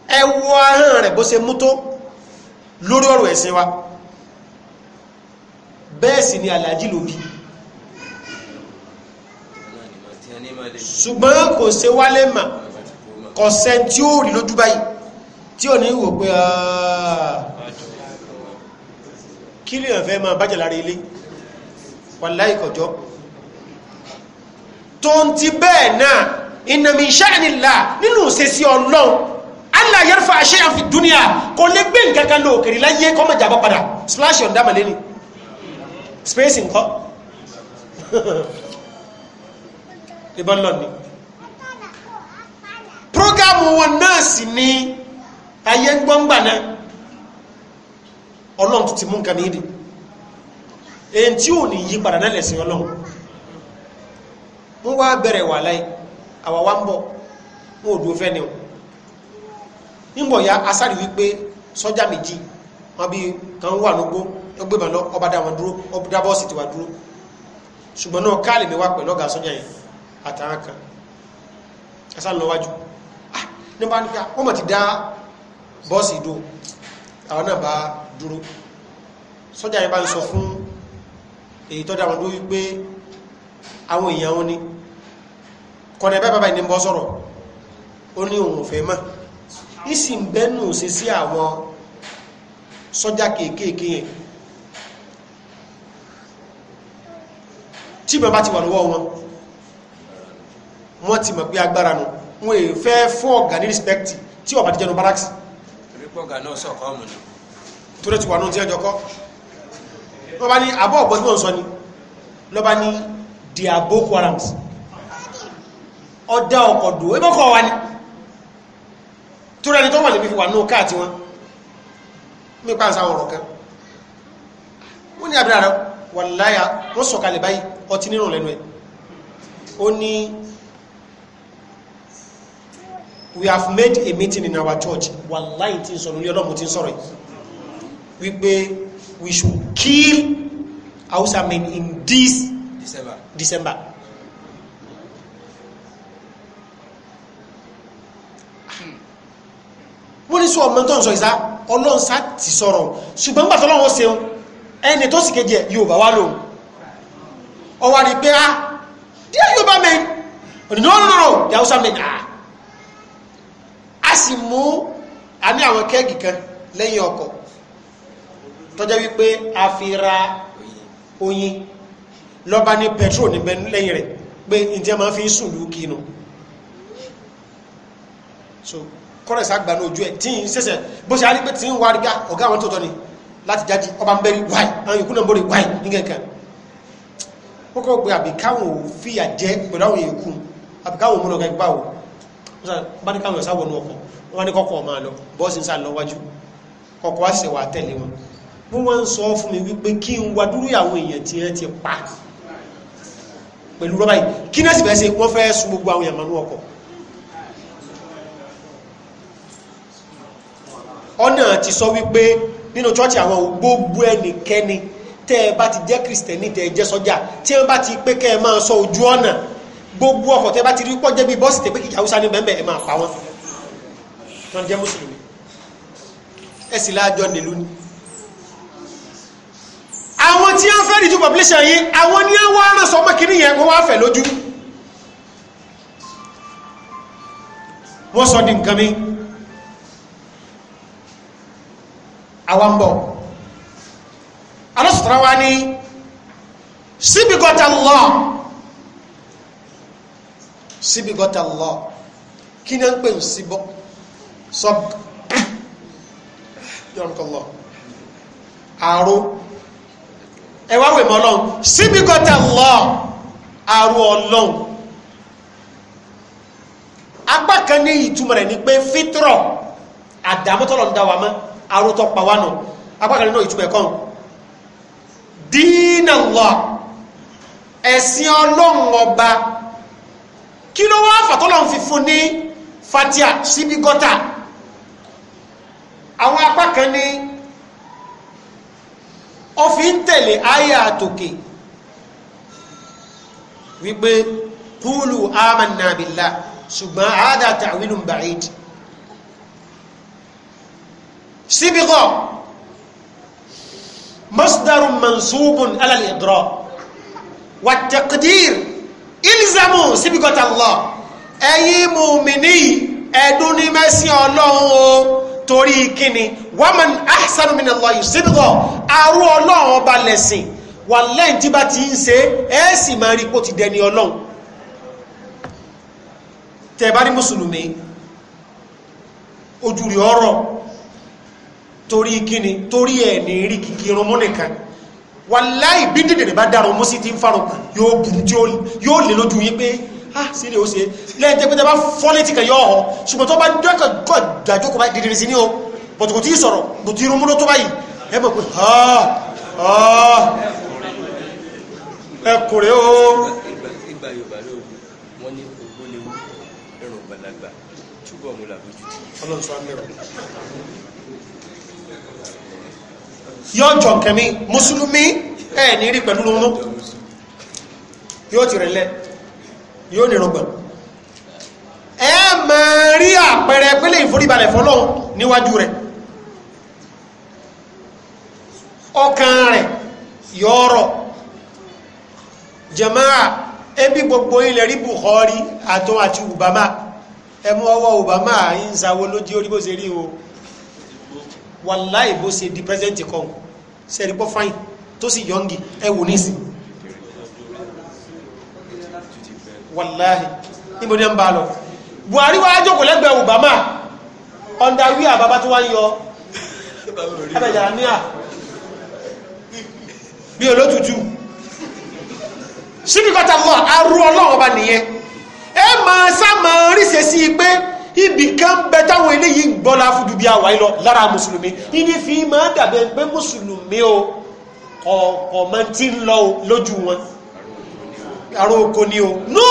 ẹ wo ahọ́n rẹ̀ bó ṣe mú tó lórí ọ̀rọ̀ ẹ̀sìn wa bẹ́ẹ̀ sì ni aláàjì ló bí ṣùgbọ́n kò ṣe wálé mà kò sẹ tí ó rí lójú báyìí tí ò ní wò pé kí lè fẹ́ máa bájà lára ilé wàláì kọjọ́ tó ń ti bẹ́ẹ̀ náà ìnàmì ìṣáànílà nínú ṣe ọlọ́run ala yẹrfa ṣe àfi dúníà kò lè gbé nǹkan kan lò òkèrè láyé kọ́mọ̀ jàbá padà splash on dámàlé ni space nǹkan ìbọn lọ ni prógámù wọn náà sì ni ayé ń gbọ́ngbà náà ọlọ́run tó ti mú nǹkan nídìí èyí tí ò ní yí padà náà lẹ̀sìn ọlọ́run wọ́n wá bẹ̀rẹ̀ wà láì àwa wá ń bọ̀ wọ́n ò dúró fẹ́ ni o nígbọ̀ ya asárì wípé sọ́jà méjì wọn bí kan wà lógbó ẹgbẹ́ ìbànú ọba dá wọn dúró ọba dá bọ́ọ̀sì tiwa dúró ṣùgbọ́n náà káàlì mi wá pẹ̀lú ọ̀gá sọ́jà yẹn àtàwọn kan asá lọ wájú nípa ah, nípa wọ́n mọ̀ ti dá bọ́ọ̀sì ìdó àwọn náà bá dúró sọ́jà yẹn bá ń sọ fún èyí tọ́jà wọn dúró wípé àwọn èèyàn wọn ni kọ̀nà ẹ̀bẹ́ bàbá ìní sọ̀rọ̀ ó ní òun ò fẹ́ mọ́ ìsì ń bẹ́nu sí sí àwọn sọ́jà kéékèèké yẹn tí bàbá ti wà lọ́wọ́ wọn wọ́n ti mọ̀ pé agbára nù wọ́n èè fẹ́ fún ọ̀gá ní respect tí ọ̀bá ti jẹnu barracks torí pé ọ̀gá náà sọ̀kọ́ ọ̀mù ni torí ti wà nù tí ẹjọ́ kọ́ wọ́n ní àbọ̀ ọ̀gbọ́n tí wọ́n sọ ni lọ́ ní diabo quarams ọ̀dá ọkọ̀ dùn ẹgbẹ́ kọ́ wa ni tó rẹni tó wà lè fi wà ní ọkà àti wọn ní pàǹsá kan wọ́n ní àbílà rẹ̀ wà láyà wọ́n sọ̀kalẹ̀ báyìí ọtí nínú lẹ́nu ẹ̀ ó ní we have made a meeting in our church wà láyìn tí ń sọ̀rọ̀ ọlọ́mù tí sọ̀rọ̀ wípé we should kill Hausa men in this December. December wọ́n ní sọ ọmọ tó ń sọ ìsá ọlọ́run sá ti sọ̀rọ̀ ṣùgbọ́n nígbà tó lọ́wọ́ ṣeun ẹni tó sì kejì ẹ̀ yóò bá wá lòun ọwọ́ rí pé ah díẹ̀ yóò bá mi ònìyàn lọ́rọ̀ yàwó sámi a á sì mú àní àwọn kẹ́ẹ̀gì kan lẹ́yìn ọkọ̀ tọ́jọ́ wípé a fi ra oyin lọ́ba ní petrol níbẹ̀ lẹ́yìn rẹ̀ pé ǹjẹ́ máa fi ń sùn lù kí so kọ́rẹ̀sì àgbà ní ojú ẹ̀ tí ń sẹ́sẹ̀ bó ṣe arí pé tí ń wá rí ah, ọ̀gá àwọn tó tọ́ ni láti jájí ọba ń bẹ́rí wáì àwọn ìkúnnà bórí wáì nígẹ̀kan ó kọ́ pé àbíkáwọn ò fìyà jẹ́ pẹ̀lú àwọn èèkù àbíkáwọn òmúnà gẹ́gbà ò bá ní káwọn ìsáwọ̀nú ọkọ̀ wọ́n ní kọ́kọ́ ọmọ àlọ bọ́ọ̀sì ń sá lọ wájú kọ́kọ́ wá sẹ̀wà tẹ̀lé wọn wọ́n wá ń sọ fún mi wípé kí n wá dúró àwọn èèyàn tí wọ́n ti pa pẹ̀lú rọ́bà yìí kí náà sì fẹ́ ṣe wọ́n fẹ́ sun gbogbo àwọn èèyàn mọ́nú ọkọ̀ ọ̀nà ti sọ wípé nínú chọ́ọ̀chì àwọn gbogbo ẹnikẹ́ni tẹ́ ẹ bá ti jẹ́ kìrìsìtẹ́nì tẹ́ ẹ jẹ́ sọ́jà tí ẹ bá ti pé kẹ́ ẹ máa sọ ojú ọ̀nà gbogbo ọkọ̀ tẹ́ bá ti rí pọ́ jẹ́ bí bọ́ọ̀sì tẹ́ pé kìkì haúsá ní bẹ́ẹ̀ máa pa wọ́n tó jẹ́ mùsùlùmí ẹ láàjọ nílùú ni. àwọn tí wọ́n fẹ́ reduce population yìí àwọn ní wọ́n rán sọ ọmọ kìnìún yẹn wọ́n wá fẹ̀ lójú wọ́n sọ di nǹkan mi. àwọn bọ̀ alásùtàrà wa ní síbìgọ́tà lọ síbìgọ́tà lọ kí ni ó ń pè ń síbọ́ sọ́b yọ̀nkọ̀lọ́ àrò ẹwà wèmọ̀ ọlọ́run síbìgọ́tà lọ àrò ọlọ́run apá kan ní ìtumọ̀ rẹ̀ ni pé fítírọ̀ àdámọ́tọ́lọ́ ń dá wa mọ́ àrótọ́ pàwánù apákan nínú ìtumẹ̀ kan dínàlá ẹ̀sìn ọlọ́run ọba kí ló wá fàtọ́lọ́run fi fún ní fatia síbi gọ́tà àwọn apákan ní ọfin tẹ̀lé àyà àtòkè wípé kúlù amanna billah ṣùgbọ́n àádá ta'wilun ba'id síbíkọ masdarun mansubun ala al-idra wa taqdir ilzamu síbíkọta Allah ẹ̀yin mùmíní ẹ̀dùn ní mẹ́sìn ọlọ́run o torí kíni waman ahsanu min Allahi síbíkọ arú ọlọ́run ọba lẹ̀sìn wà lẹ́yìn tí bá ti ń ṣe ẹ̀ sì máa ti dẹni ọlọ́run tẹ̀ bá ní mùsùlùmí torí kíni torí ẹ̀ ní rí kìkì irun mú nìkan wàláì bí dìdìrì bá dára mú sí ti ń farun yóò burú tí yóò lè lójú yí pé ah sí ni ó ṣe lẹ́yìn tẹ́ pé tẹ́ bá fọ́ létí kan yóò hàn ṣùgbọ́n tó bá dọ́kàn gọ́ dájú kó bá dìdìrì sí ní o bọ̀tù tí sọ̀rọ̀ kò tí irun mú ah ah ẹ kò yóò jọ kẹ̀mí mùsùlùmí ẹ̀ ní rí pẹ̀lú lóhun yóò ti rẹ̀ lẹ̀ yóò nìrùn gbọ̀n ẹ máa rí àpẹẹrẹ pẹ́lẹ̀ ìforíbalẹ̀ fọ́lọ́hun níwájú rẹ̀ ọkàn rẹ̀ yọ̀ọ̀rọ̀ jẹ̀máà ebi gbogbo ilẹ̀ rí Bukhari àtọ́ àti Obama ẹmú ọwọ́ Obama ń sawó lójú orí rí o wàláì bó ṣe di president kan sẹ́ni pọ́ fáyìn tó sì yọ́ngì ẹ wò nísì wàláì níbo ní ẹ ń bá lọ Buhari wá jókòó lẹ́gbẹ̀ẹ́ Obama underwear bàbá tó wá ń yọ abẹ́jà ní à bí olótùtù síbíkọ́ta lọ arú ọlọ́run ọba nìyẹn ẹ máa sá máa rí ṣe sí pé ibì kan bẹ táwọn eléyìí gbọ́lá fún dubi àwà yìí lọ lára mùsùlùmí ìní fi máa dàbẹ̀ pé mùsùlùmí o ọ̀pọ̀ máa ti ń lọ lójú wọn àrò oko ni o no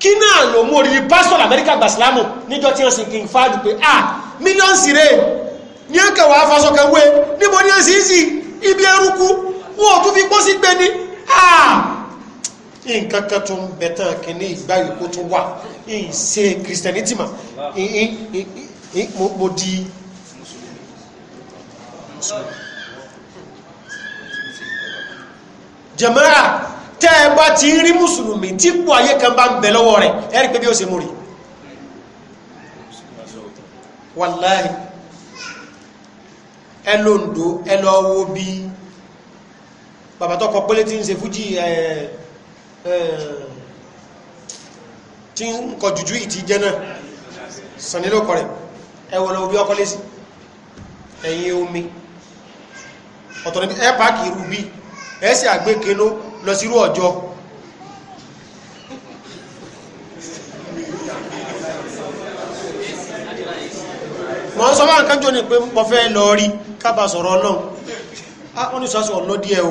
kí náà ló mú orí pásítọ̀ lamẹ́ríkà gbàsílámù níjọ́ tí wọ́n sì kí n fáàdù pé ah mílíọ̀nsì rẹ̀ ní ẹ̀kẹ́ wàá faṣọ kẹwé níbo ní ẹ̀sìn sí ibi ẹrúkú wọn ò tún fi pọ́ sí gbẹni ah nǹkan kan tó ń bẹ tán kìíní ìgbà yòókù tó wà ń ṣe christianity mà mo di jàmáà tẹ́ ẹ bá ti rí mùsùlùmí tí kò ayé kan bá ń bẹ lọ́wọ́ rẹ̀ ẹ rí pé bí ó ṣe mú rí wàláhì ẹ lóńdó bí bàbá tó kọ tí ń ṣe fújì ẹ̀ẹ́ Eh, tí ń kọ jùjú ìtì jẹ́ náà sànílòkọ̀ rẹ̀ ẹwọ̀n lọ bí ọkọ̀ lésì ẹ̀yìn omi ọ̀tọ̀ níbi ẹ pàákì irú bí ẹ sì àgbékenó lọ sírú ọjọ́ mọ̀ ń sọ bá nǹkan jò ní pé mọ́ fẹ́ lọ rí kábà sọ̀rọ̀ ọlọ́run á ah, wọ́n ní sọ́sọ̀ ọlọ́dí o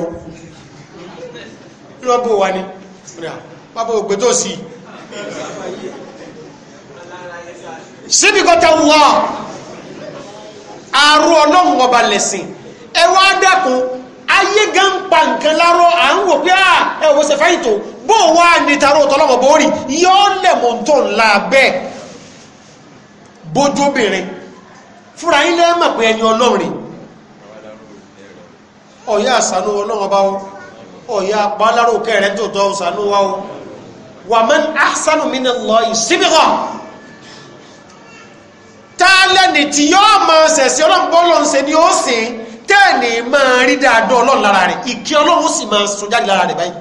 lọ́bọ̀ wa ni bàbá ògbé ọlọ́run ọba lẹ̀sìn ẹ wá dákun ayé gan nǹkan lárọ́ à ń wò pé à ẹ wò ṣe fáyìntò bó wà ní tarọ́ ọ̀tọ́lọ́mọ̀ bórì yọ́ tó ńlá bẹ́ẹ̀ fúra pé ẹni ọlọ́run ọ̀yá àsánú ọlọ́run ọba ọ̀yà apálárò kẹrẹ tó tọ́ ọ̀sánú wa o wa man ahsanu minallahi sibgha tálẹ́nì tí yóò máa sẹ̀sẹ̀ ọlọ́pọ̀lọ́n ṣe ni ó sìn tẹ́ẹ̀nì máa rí dáadọ́ ọlọ́run lára rẹ̀ ìkí ọlọ́run sì máa sọ jáde lára rẹ̀ báyìí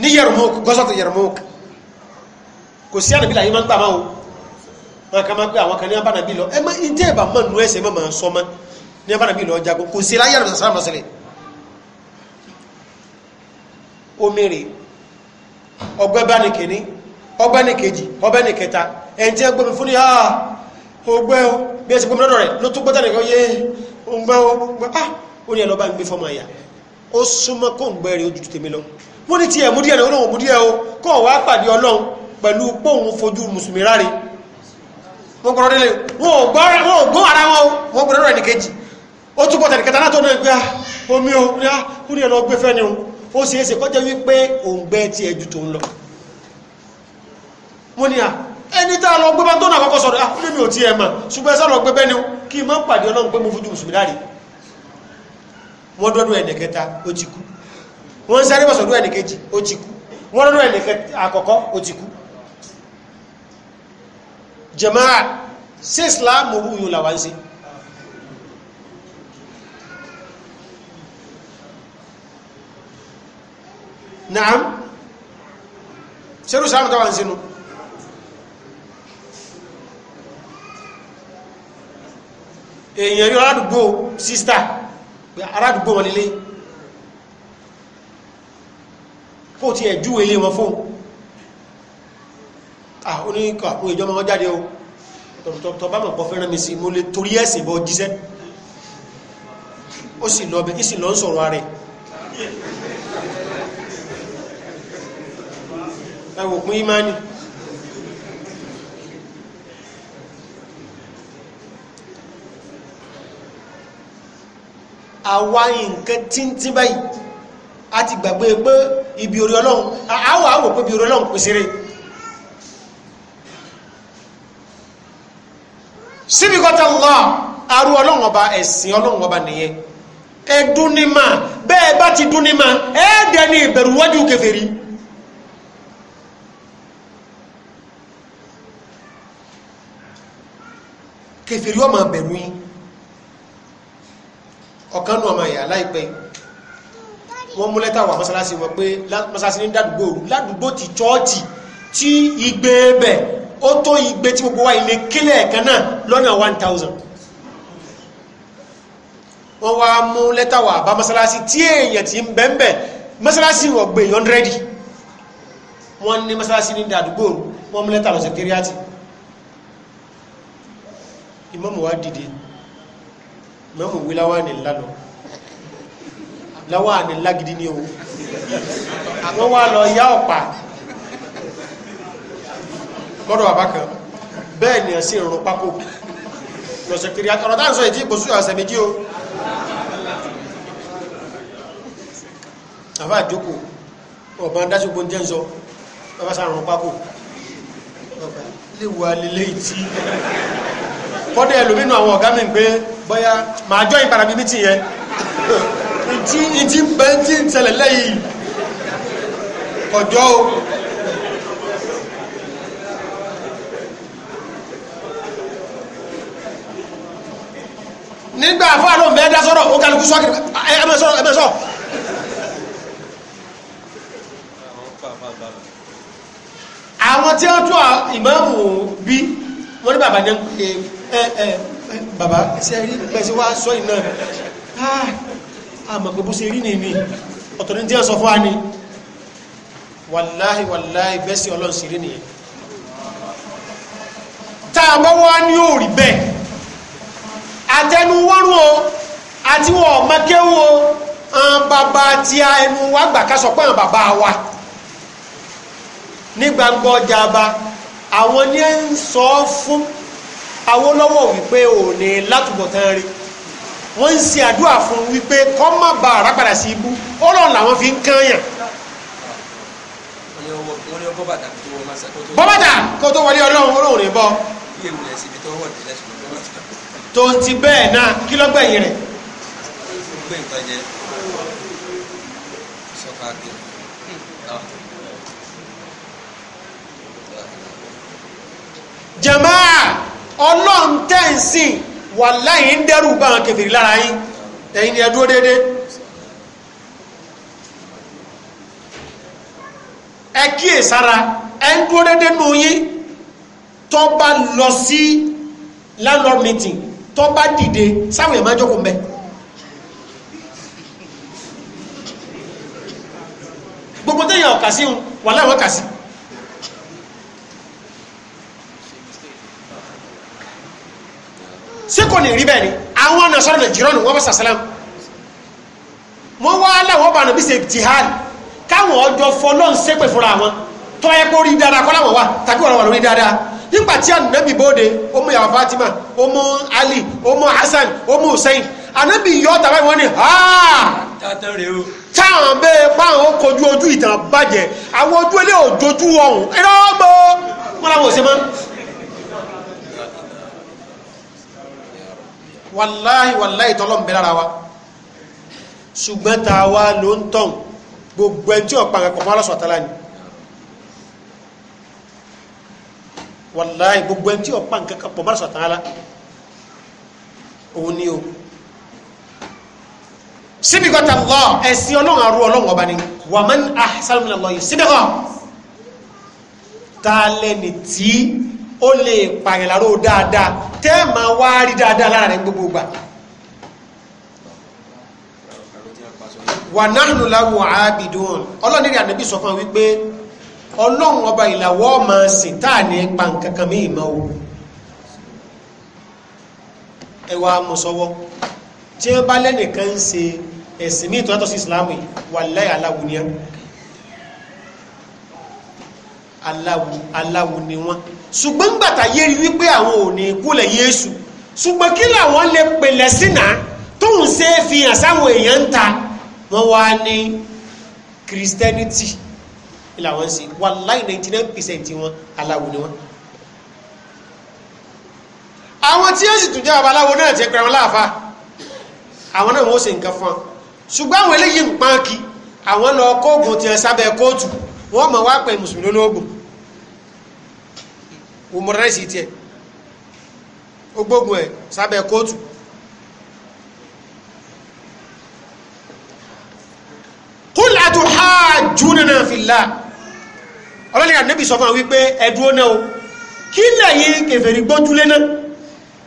ní Yarmouk gọ́sọ̀tọ̀ Yarmouk kò sí àdàbí làyé máa ń gbà máa wọn kà máa pé àwọn kan ní abánabi lọ ẹ má ìjẹ́ ìbá mọ̀ nù ẹsẹ̀ mọ̀ máa sọ mọ́ ní abánabi lọ jago kò sí láyé àrùn sàrà màsílẹ̀ omi rè ọgbẹ́ bá ní kìíní ọgbẹ́ ní kejì ọgbẹ́ ní kẹta ẹni tí ẹ gbẹmí fún ni ah ọgbẹ́ o bí ẹ ti gbẹmí lọ́dọ̀ rẹ̀ ló tún gbẹ́tà nìkan yé ọgbẹ́ o gbẹ́ ah ó ní ẹ lọ́ba ń gbé fọmọ ẹ̀yà ó súnmọ́ kó ń gbẹ́ rẹ̀ ó ju tèmi lọ wọ́n ní tiẹ̀ mú díẹ̀ náà ó náà mú díẹ̀ o kó wàá pàdé ọlọ́run pẹ̀lú póun fojú mùsùlùmí rárẹ̀ wọ́n gbọ́rọ̀ délé wọ́n ò gbọ́ ara wọn wọ́n gbọ́rọ̀ ẹni kejì ó túbọ̀ tẹ̀lé kẹta náà ah, omi o ní ah, a lọ gbé bá tó náà kọ́kọ́ sọ̀rọ̀ àkúrí ah, mi ò ti mà ṣùgbọ́n ẹ̀sán lọ gbé bẹ́ni kí n má pàdé ọlọ́run pé mo fojú mùsùlùmí láre wọ́n dọ́dún ẹni kẹta ó ti kú wọ́n ń bọ̀sọ̀dún kejì ó ti kú jama'a sí ìsìláàmù orú yóò làwá ń naam sẹ́rù sáàmù tàwà ń sinú èèyàn rí sísta aládùúgbò wọn lílé kó tí ẹ̀jú ilé wọn fóun ah àwọn ìjọ máa jáde o tọ̀tọ̀ bá mọ̀ pọ̀ fẹ́ràn mi sí mo lè torí ẹ̀sìn bọ́ jíṣẹ́ ó sì lọ bẹ̀ ìsìn lọ ń sọ̀rọ̀ ààrẹ ẹwọ̀ pín ìmáni àwa nǹkan tíntí báyìí a ti gbàgbé pé ibi orí ọlọ́run àwọ̀ àwọ̀ pé ibi orí ọlọ́run pèsèrè síbìkọ́tà lọ́ arú ọlọ́run ọba ẹ̀sìn ọlọ́run ọba nìyẹn ẹ dúnni mà bẹ́ẹ̀ bá ti dúnni mà ẹ dẹ̀ ní ìbẹ̀rù wájú kèfèrí. kèfèrí ọmọ bẹ̀rù yín ọ̀kan nu ọmọ ìyá láìpẹ́ wọ́n mú lẹ́tà wà mọ́sálásí wọn pé mọ́sálásí ní ládùúgbò ládùúgbò ti chọ́ọ̀tì tí igbe bẹ̀ ó tó igbe tí gbogbo wa ilé kílẹ̀ ẹ̀kan náà lọ́nà 1000 wọ́n wá mú lẹ́tà wà bá mọ́sálásí tí èèyàn ti ń bẹ́ẹ̀bẹ̀ mọ́sálásí wọ̀ gbé 100 wọ́n ní mọ́sálásí ní dàdúgbò wọ́n mú lẹ́tà lọ sẹ̀kẹ́ríàtì ìmámù wa dìde ìmámù wí láwá ní lánàá láwá ní lágidi ní o àwọn lọ́dọ̀ bàbá kan bẹ́ẹ̀ ni ẹ̀sìn ìrùn pákó lọ́sẹ̀ kiri ọ̀rọ̀ tá ń sọ ìdí ìbòsú ọ̀sẹ̀ méjì o àbá àjókò ọ̀bá ń dáṣogbo ń jẹ́ ń sọ bàbá sáà rùn pákó léwu alẹ́lẹ́ ìtì kọ́dẹ̀ ẹlòmínú àwọn ọ̀gá mi pé bọ́yá màá jọ́ ìpàdà bíbí tì yẹn ìtì bẹ́ẹ̀ tí ń tẹ̀lẹ̀ lẹ́yìn nígbà àfáà ló ń bẹ́ẹ̀ dá sọ́rọ̀ ó kálukú sọ́ ẹ̀mẹ́ sọ́rọ̀ ẹ̀mẹ́ sọ́ àwọn tí ó tó ìmáàmù bí wọ́n ní bàbá ní ẹ ẹ bàbá ṣe rí pẹ̀sí wá sọ ìná àmọ̀ pé bó ṣe rí nìní ọ̀tọ̀ ní tí ó sọ fún wa ni wàláhì wàláhì bẹ́sí ọlọ́run sí rí nìyẹn tá a bá wá ní òòrì bẹ́ẹ̀ àtẹnuwọ́rùn o àti wọn ọmọ kéwù o àwọn bàbá tí ẹnu wa gbà ká sọ pé àwọn bàbá wa ní gbangba ọjà ba àwọn ní ń sọ fún Awólọ́wọ̀ wípé ò ní látúbọ̀tán rí wọ́n ń ṣe àdúrà fún wípé kọ́ má ba àrá padà sí ibú ó lọ́n làwọn fi ń kányàn. bọ́bàtà kó tó wọlé ọlọ́run olóhùn ní bọ́ tó ń ti bẹ́ẹ̀ náà kí ló gbẹ̀yìn rẹ̀. jamaa ọlọ́run tẹ́ǹsìn wà láyìn ń dẹ́rù bá wọn kẹfìrí lára yín ẹ̀yin ni ẹ dúró déédéé. ẹ kíyèsára ẹ ń dúró déédéé nù yín tó bá lọ sí landlord meeting tó bá dìde sáwọn èèyàn máa jókòó mbẹ. gbogbo téèyàn ọ̀kà sí wà láwọn ọ̀kà sí. sí kò ní rí bẹ́ẹ̀ ni àwọn ọ̀nà sọ̀rọ̀ nàìjíríà ni wọ́n bá sàsálàm wọ́n wá láwọn ọba àná bí ṣe jihad káwọn ọjọ́ fọlọ́n ṣépè fúnra wọn tọ́ ẹ kó rí dáadáa kọ́ láwọn wà tàbí wọn wà lórí dáadáa nígbà tí ànábì bóde ó mú yàrá Fatima ó Ali ó Hasan ó mú Hussein ànábì yọ tàbá wọn ni ha táwọn bẹ́ẹ̀ báwọn kojú ojú ìtàn bàjẹ́ àwọn ojú ilé òjòjú ọ̀hún ẹ̀rọ ọmọ wọn làwọn ò ṣe mọ́. wàláhì wàláhì tọ́lọ́ ń bẹ lára wa ṣùgbọ́n tá a wá ló ń tàn gbogbo ẹni tí ọ̀pá kankan fún alásùwàtálá ni. wàláì gbogbo ẹni tí ọ̀pá nǹkan kan pọ̀ bá sọ̀tà ala òun ni o síbìkọ́tà lọ ẹ̀sìn ọlọ́run àrú ọlọ́run ọba ni wà á máa ń àṣàlùmí lọ yìí síbìkọ́ ta lẹni tí ó lè pààyàn láró dáadáa tẹ́ máa wá rí dáadáa lára rẹ̀ gbogbo gbà. wà náà nù láwùn àbìdùn ọlọ́run ní ìrìn ànábì sọ fún wa wípé ọlọ́run ọba ìlàwọ́ ọmọ sìn táà ní pa nkankan mí ìmọ̀ o ẹwà mọ̀sọ́wọ́ tí wọ́n bá lẹ́nìkan ń ṣe ẹ̀sìn mí ìtọ́jọ́ sí ìsìláàmù wàláhì aláwo ni aláwo ni wọ́n ṣùgbọ́n gbàtà yé rí wípé àwọn ò ní kúlẹ̀ yéésù ṣùgbọ́n kí làwọn lè pèlẹ̀ sínà tóun ṣe é fi hàn sáwọn èèyàn ń ta wọ́n wá ní Christianity làwọn ṣe wàláì ninety nine percent wọn aláwo ni wọn. àwọn tí yóò sì tún jẹ́ abaláwo náà ti pẹ̀rọ láàfa àwọn náà wọ́n ṣe nǹkan fún ọ ṣùgbọ́n àwọn eléyìí ń pọ́n kí àwọn lọ kóògùn tiẹ̀ sábẹ́ kóòtù wọ́n mọ̀ wá pẹ̀ mùsùlùmí lóògùn òmùrẹ́sì tiẹ̀ ó gbógun ẹ̀ sábẹ́ kóòtù yuhajjunana fillah ọlọ́lẹ́ ànẹ́bì sọ fún wa wípé ẹ̀dúró náà o kí lẹ́yìn kèfèrí gbójúlé náà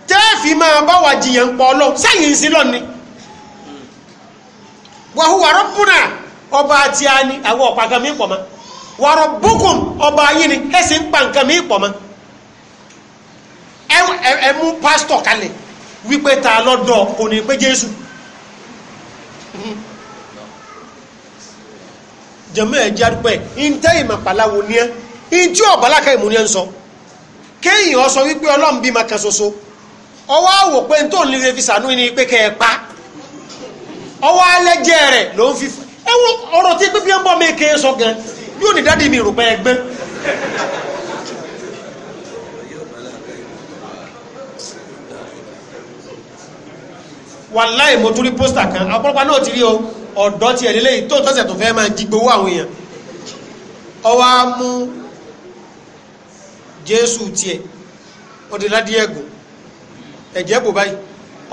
tẹ́ẹ̀fì máa bá wà jìyàn pọ̀ lọ sẹ́yìn sí lọ́ni wàhùwà rọ́bùnà ọba àti ani àwọn ọ̀pá kan mi pọ̀ mọ́ wàrọ̀ bùkùn ọba ayé ni ẹ̀sìn pa nǹkan mi pọ̀ mọ́ ẹ mú pásítọ̀ kalẹ̀ wípé ta lọ́dọ̀ kò ní pé Jésù. jẹ̀mọ́ ẹ̀ járúpẹ́ ìntẹ́ ìmọ̀pàláwo ní ẹ́ ìntí ọ̀bálákà ìmú ní ẹ́ ń sọ kéèyàn ọ sọ wípé ọlọ́run bí máa kan ṣoṣo ọwọ́ àwò pé tó ń lè sànú ni pé kẹ́ ẹ pa ọwọ́ alẹ́jẹ́ rẹ̀ ló ń fi ẹwọ́n ọ̀rọ̀ tí pípẹ́ ń bọ́ mi kéé sọ gan yóò ní dádì mi rò pé ẹgbẹ́ wàláì mo tún rí pósítà kan ọ̀pọ̀lọpọ̀ náà ti rí o ọ̀dọ́ ti ẹ̀lẹ́lẹ́ yìí tó tọ́sẹ̀ tó fẹ́ máa jígbówó àwọn èèyàn ọwọ́ á mú jésù tiẹ̀ ọdẹ ládìẹ́gùn ẹ̀jẹ̀ bò báyìí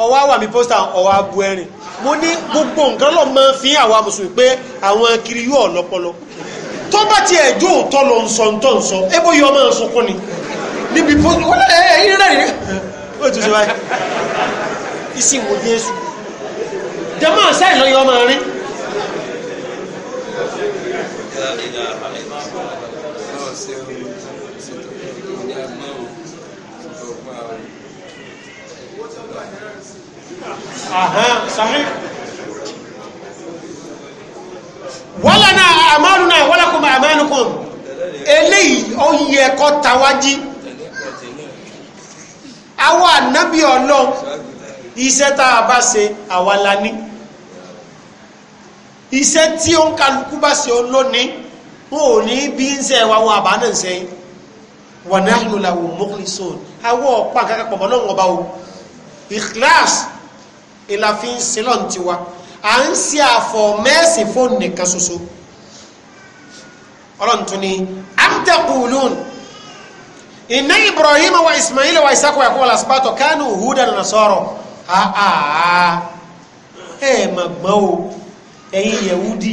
ọwọ́ àwọn àmì pósítà ọwọ́ abu ẹ̀rìn mo ní gbogbo nǹkan lọ máa fi àwa mùsùlùmí pé àwọn kiri yóò lọpọlọ tó bá ti ẹ̀jọ́ òótọ́ lọ ń sọ ń tọ́ ń sọ ébó yọ máa ń sunkún ni níbi pósítà ó lẹ́ ẹ̀yìn rẹ̀ rí ó tún ṣe báyìí ìsìnwó Jésù jẹmọ́ sẹ́yìn lọ́yọ́ ọmọ rí wọ́lá náà àmàrù náà wọ́lá kò máa mẹ́nu kùn eléyìí ó yẹ kọ́ tawájí àwọn ànábì Ọlọ́run iṣẹ́ tá a bá ṣe àwa la ní iṣẹ́ tí ó ń kálukú bá ṣe lónìí wọn ò ní bí ń ṣe wa wọn àbá náà ń ṣe wa nahnu lahu mukhlisun awọ ọ̀pá kankan pọ̀ mọ́lọ́wọ́ ọba o ikhlas ìlàfin sílọ̀ ń tiwa à ń ṣe àfọ̀ mẹ́sìn fóònù nìkan ṣoṣo ọlọ́run ni am taqulun inna ibrahim wa ismail wa isaac wa yakubu al-asbato kanu hudan nasoro àà ẹ mà gbọ́n o ẹ̀yin yẹ̀wúdì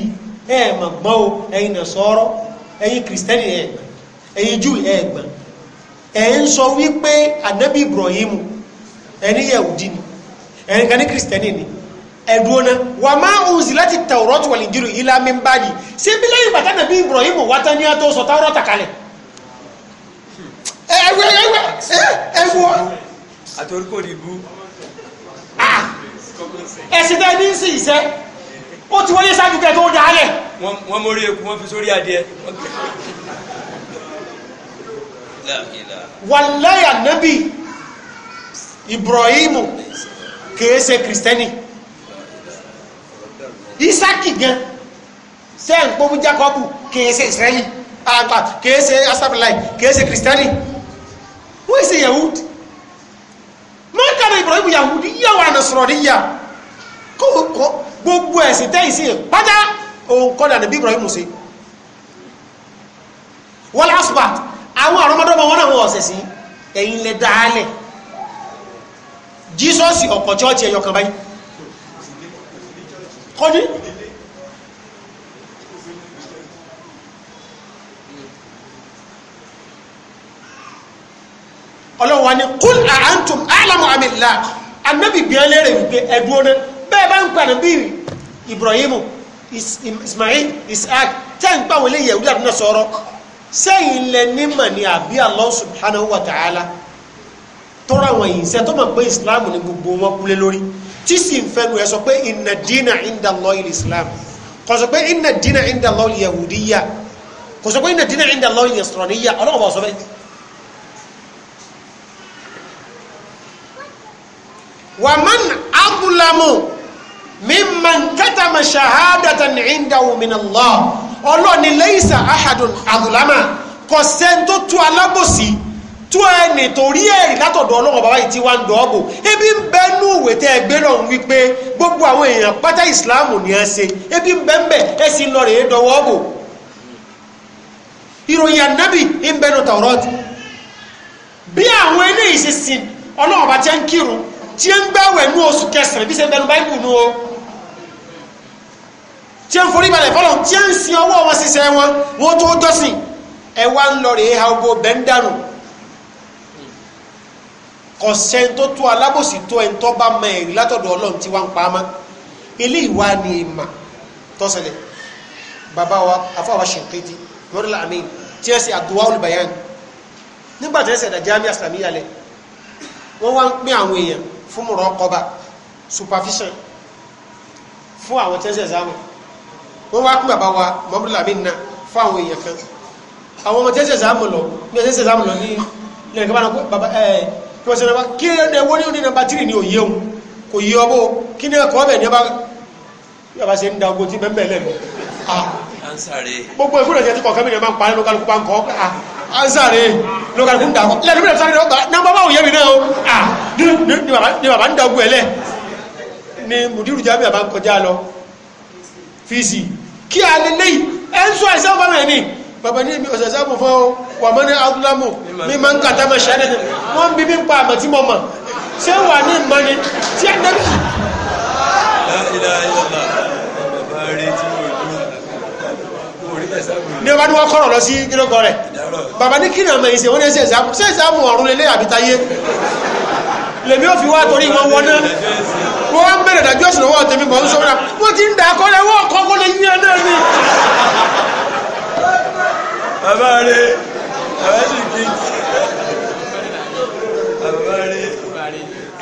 ẹ mà gbọ́n o ẹ̀yin nàṣọ́rọ́ ẹ̀yin kìrìsìtẹ́nì ẹ̀gbọ́n ẹ̀yin jù ẹ̀gbọ́n ẹ̀ ń sọ wípé ànábì Ibrahim ẹni yẹ̀wúdì ni ẹni kan ní kìrìsìtẹ́nì ni ẹ̀dùnà wà máa ń zì láti tawrat wal injil ilá mi ń báyìí ṣé bí lẹ́yìn bàtà nàbí Ibrahim wátá ní àtọ́ sọ tawrat kalẹ̀ ẹ̀wẹ̀ ẹ̀wẹ̀ ẹ̀wọ̀ àtòrí kò rí bú Ah! ẹ̀sìn tẹ́ ní sí ìṣẹ́ ó ti wọlé ṣáájú kẹ́ tó dálẹ̀. wọ́n mórí eku wọ́n fi sórí adìẹ. wàlẹ́yà nẹ́bí Ibrahimu kìí ṣe kìrìsìtẹ́nì Isaki gan sẹ́yìn pọ́bù Jacobu kìí ṣe Israeli ah, kìí ṣe asafilai kìí ṣe kìrìsìtẹ́nì wọ́n ṣe Yahudi mọ́kànlá Ibrahim Yahudiyya wa Nasraniyya kó gbogbo ẹ̀sìn tẹ́yìn sí pátá òun kọ́dà níbi Ibrahim sí wal asbat àwọn àrọ́mọdọ́mọ wọn náà wọ́n ọ̀sẹ̀ sí ẹ̀yìn lẹ dáálẹ̀ Jesus ọ̀pọ̀ chọ́ọ̀chì ẹ̀yọ̀kan báyìí kọ́ni ọlọ́run wa ni kul àhántùm àlàmù àmìlá anábì bí ẹlẹ́rẹ̀ wípé ẹ̀dùn ọ̀nà bẹ́ẹ̀ bá ń pa nàbí Ibrahim Ismail Isaac tẹ́ ń pàwọn ilé yẹ̀wúdà náà sọ̀rọ̀ sẹ́yìn lẹ nímọ̀ ni àbí Allah subhanahu wa ta'ala tọ́rọ àwọn èyí sẹ́ tó mọ̀ pé Islam ni gbogbo wọn kúlé lórí tí sì ń fẹ́ nu ẹ sọ pé inna dina inda Allahil Islam kò sọ pé inna dina inda Allahil Yahudiyya kò sọ pé inna dina inda Allahil Nasraniyya ọlọ́run bá sọ bẹ́ẹ̀ ومن أظلم ممن كتم شهادة عنده من الله ọlọ́ni lẹ́yìnsà ahadun ni kò sẹ́ni tó tú ẹni torí ẹ̀rí látọ̀dọ̀ ọlọ́run bàbá yìí wá ń dọ̀ ebi ń bẹ nú ìwé gbogbo àwọn èèyàn pátá ìsìláàmù ni ẹ ṣe ebi ń ń ẹ sì ń lọ rèé dọwọ́ ìròyìn ànábì ń tí ń gbàwẹ̀ ní oṣù kẹsàn-án bí ṣe bẹnu báyìí nù o tí ń forí balẹ̀ fọlọ́ tí ń sin ọwọ́ wọn ṣiṣẹ́ wọn wọn tó jọ́sìn ẹ wá ń lọ rèé ha gbogbo bẹ́ẹ̀ ń dànù kọ̀sẹ́ tó tó alábòsí tó ẹni tó bá mọ ẹ̀rí látọ̀dọ̀ ọlọ́run tí wọ́n ń pa á mọ́ ilé ìwà ni ìmà tọ́sẹ̀lẹ̀ bàbá wa afáwa ṣèǹkéjì lọ́dọ̀lá àmín tí ẹ ṣe àdúwà olùbàyàn nígbà tí ẹ ṣe ẹ̀dà jámíà sàmíyà lẹ̀ wọ́n wá ń pín àwọn èèyàn fún muraqaba supervision fún àwọn tẹ́sẹ̀ sáwọn wọ́n wá kún bàbá wa mọ́bùlù náà fún àwọn èèyàn kan àwọn ọmọ tẹ́sẹ̀ sáàmù lọ ní ẹ̀sẹ̀ sáàmù lọ ní lẹ́gbẹ̀rẹ̀ kí ẹ̀dẹ̀ wọ́n ní òní nàbà kí ah. ní ansare lọ́kà kún dàkọ́ lẹ́nu mílẹ̀ sáré ọgbà náà bá wòye mi náà o ah ni bàbá ń dàgbù ẹlẹ́ ni mùdírù jábí bàbá ń kọjá lọ fíìsì kí a lè léyìí ẹ ń sọ àìsàn fún mi bàbá ní èmi ọ̀sẹ̀ sábò fún ọ wà mọ́ ní adúlámù mi máa ń kàtà máa ṣẹ́rẹ́ wọ́n ń bí mi pa àmọ́ tí mo mọ̀ ṣé wà ní ìmọ̀ ni tí ẹ nẹ́bí. ní ọba ni wọ́n kọ̀rọ̀ lọ sí kílógọ́ rẹ̀ bàbá ní kí ni àmọ́ ìṣe wọ́n ní ẹsẹ̀ ìṣàmù ṣé ìṣàmù ọ̀run lélẹ́ àbítayé lèmi ò fi wá torí wọn wọná wọn wá ń bẹ̀rẹ̀ dájú ọ̀sìn lọ́wọ́ tèmi bọ̀ ń sọ wọn wọn ti ń dà kọ́ lẹ́wọ́ ọkọ̀ wọlé yín ẹ náà ni. bàbá rẹ bàbá sì kí bàbá rẹ.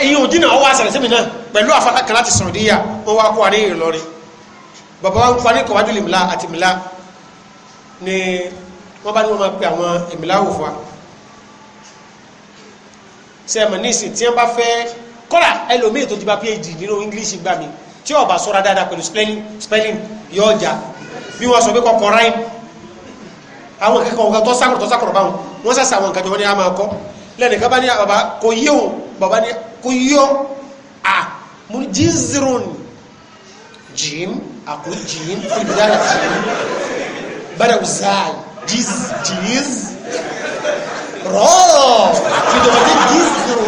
ẹ̀yin òjì náà wá sàrẹ̀ sẹ́mi náà pẹ̀lú àfàkà láti sàn díyà wọn wá kó àríyìn lọ́rin bàbá wa ń parí kọ̀wájú lè mìlá àti mìlá ni wọ́n bá ní wọ́n máa pe àwọn ìmìláwò fún wa ṣe ẹ̀mọ̀ ní ìsìn tí wọ́n bá fẹ́ kọ́ra ẹlòmíì tó ti bá phd nínú english gbà mí tí ó bá sọ́ra dáadáa pẹ̀lú spelling yọ ọjà bí wọ́n sọ pé kọ́kọ́ ráìm àwọn kẹ́kọ̀ọ́ nǹkan tó sákòrò tó sákòrò báwọn wọ́n sàṣà àwọn nǹkan tó wọ́n ní a máa kọ́ lẹ́nìkan bá ní bàbá kò yé òun bàbá ní kò yó à mú jíǹzìrún jìm àkó jìm fìdí dára jìm bàdà wùzáàyì Dieses Cheese. Rọ́rọ̀. Ìjọba ti dis zero.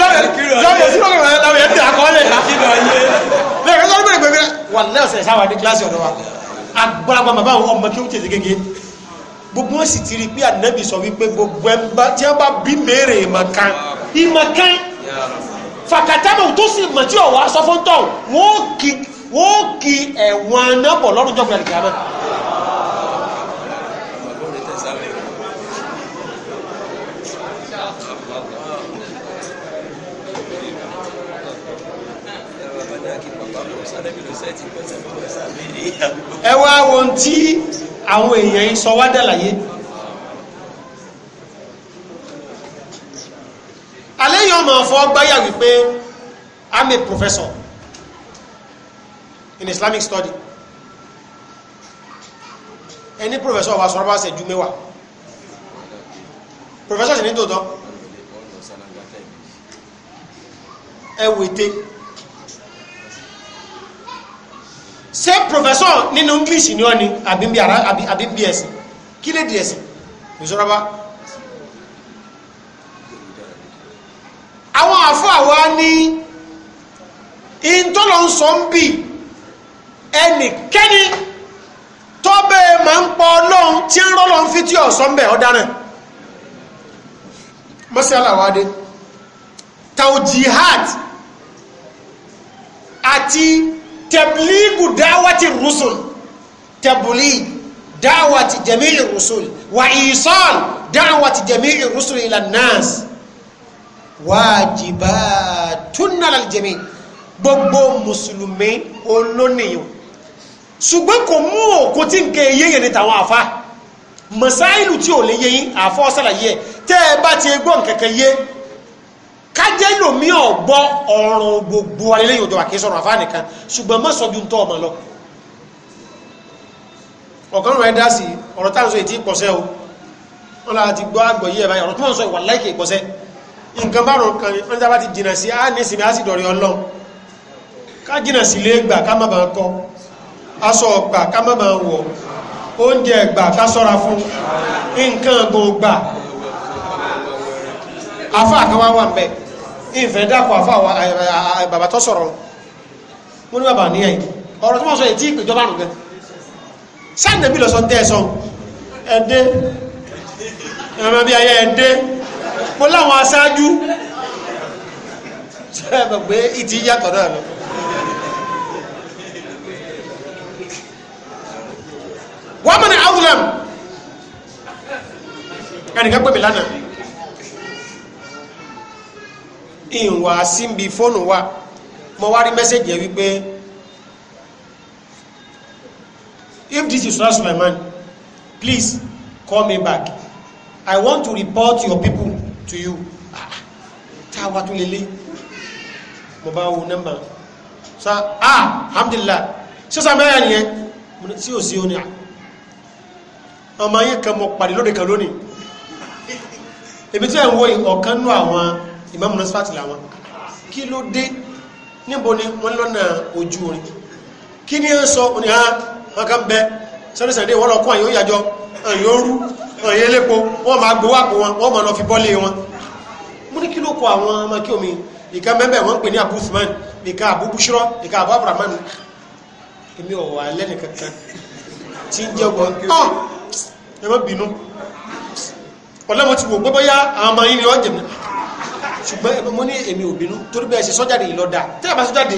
Lọ́dọ̀ sí ọ̀gbìn wọn lábẹ́ ẹ̀dí àkọọ́lẹ̀. Lẹ́yìn tó ń bèrè pẹ̀lú wà lẹ́sẹ̀ sáwà ní kíláàsì ọ̀dọ̀ wa. Agbára bàbá àwọn ọmọ kí ó tètè gégé. Gbogbo wọn sì ti rí pé ànábì sọ wípé gbogbo ẹ̀ tí wọ́n bá bí mèrè ìmọ̀kan. Ìmọ̀kan. Fàkàtàmọ̀ tó sì mọ̀ tí ọ̀wá sọ fún tọ̀ wọ́n kì ẹ̀wọ̀n náà bọ̀ lọ́rùn jọ̀gbìn àlìkàmọ́. ẹ wá wọn tí àwọn èèyàn yìí sọ wá dàlàyé aléyìn ọmọ ọ̀fọ́ gbáyà wípé I'm a professor in Islamic study ẹni professor wa sọ̀rọ̀ bá ṣe ju mẹ́wàá professor sì ní tòótọ́ ẹ wète. ṣé professor nínú english ni ọ ni àbí bí ara àbí bí ẹsìn kí lè di ẹsìn ìṣọ́rọ́bá àwọn àfọ́ àwa ní ìntọ́lọ̀ ń sọ ń bì ẹnikẹ́ni tọ́bẹ̀ máa ń pọ ọlọ́run tí ń rọ́ lọ́n fi tí ọ̀sán bẹ̀ ọ̀daràn mọ́sí aláwádé tàù jihad àti تبليغ دعوة الرسل تبليغ دعوة جميع الرسل وإيصال دعوة جميع الرسل إلى الناس واجبات على الجميع gbogbo mùsùlùmí olónìyàn ṣùgbọ́n kò mú òkú tí n kẹ yéye ní tàwọn àfa mọ̀sáìlù tí ò lè yé yín àfọ́ sàlàyé ẹ̀ tẹ́ bá ti gbọ́ nkẹ̀kẹ́ yé kájẹ́ lòmí ọ̀gbọ́ ọ̀rùn gbogbo alẹ́lẹ́yìn òjò àkíyèsí ọ̀rọ̀ àfáà nìkan ṣùgbọ́n má sọ ju ń tọ́ ọmọ lọ ọ̀kan rẹ̀ dá sí ọ̀rọ̀ táà ń sọ ètí ìpọ̀sẹ́ o wọ́n lára ti gbọ́ àgbọ̀ yí ẹ̀bá ọ̀rọ̀ tó ń sọ ìwà láìkè ìpọ̀sẹ́ nǹkan bá rùn kan wọ́n jábá ti jìnà sí á wà ń bẹ́ẹ̀ ìfẹ́ dákọ̀ àfà bàbá tó sọ̀rọ̀ wọ́n ní bàbá níyà yìí ọ̀rọ̀ tí wọ́n sọ ètí ìpèjọba nù gẹ́ sáàdì bí lọ́sọ tẹ́ ẹ̀sọ ẹ̀dẹ́ ẹ̀mọ bí ayẹ ẹ̀dẹ́ mo láwọn aṣáájú ṣẹ́ẹ̀bọ̀ pé ìtì yàtọ̀ náà lọ wọ́n mọ̀ ní awulam ẹnìkan pè mí lánàá ìwà síbi fóònù wa mo wá rí mẹ́sẹ̀jì ẹ wípé if this is not my man please call me back i want to report your people to you ah, tá a wá tún lélẹ̀ mo bá wo nọ́mbà sa ah alhamdulillah sísan mẹ́rin nìyẹn tí ò sí oní ọmọ yẹn kan mo pàdé lóde kan lónìí èmi tí ẹ̀ ń wo ọ̀kan nú àwọn imam nasfat làwọn kí ló dé níbo ni wọ́n lọ́nà ojú orin kí ni ń sọ òní hàn ah, wọn kàn bẹ sọ́dọ̀ sàdé wọ́n lọ kọ́ àyè òyàjọ àyè òru àyè elépo wọ́n máa gbowó àpò wọn wọ́n máa lọ fi bọ́lé wọn mo ní kí ló kọ àwọn ọmọ kí omi ìka mẹ́bẹ̀ wọ́n pè ní abu usman ìka abu bushra ìka abu abrahman èmi ò wà lẹ́nu kankan tí ń jẹ́ ọgbọ̀n tọ́ ah! ẹ má bínú ọlọ́mọ ti wò gbọ́bọ́yá àwọn ọmọ yìí ni wọ́n jẹ̀mí ṣùgbọ́n ẹ̀mọ́ mo ní èmi ò bínú torí bẹ́ẹ̀ ṣe sọ́jáde yìí lọ́dà tẹ́ ẹ̀ bá sọ́jáde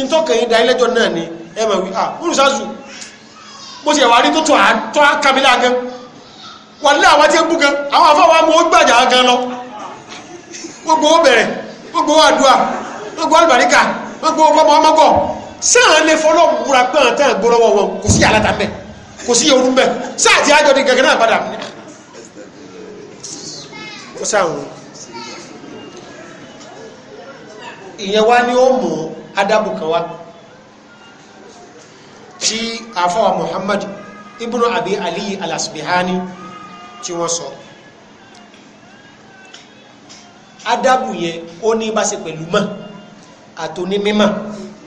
ìtọ́kẹ̀ yìí da ẹlẹ́jọ́ náà ni ẹ mọ̀ wí ah múlù sáàsù bó ṣe wà rí tó tó àkàmílà gan wà nílẹ̀ àwọn tí ń bú gan àwọn afọ àwọn amó gbàjà gan lọ gbogbo ó bẹ̀rẹ̀ gbogbo àdúrà gbogbo àlùbáríkà gbogbo ọmọ ọmọgọ sáà lè fọlọ́ múra pé àwọn tẹ́ẹ̀ gbọ́lọ́wọ́ wọn kò sí àlàtà mbẹ kò sí orú mbẹ sáà ti àjọ di gẹ́gẹ́ náà padà kò sáà wọn. ìyẹn wá ní ó mú adábù kan wá tí àfáwà Muhammad ibnu Abi Ali al-Asbihani tí wọ́n sọ adábù yẹn ó ní bá ṣe pẹ̀lú mọ́ àtòní mímọ́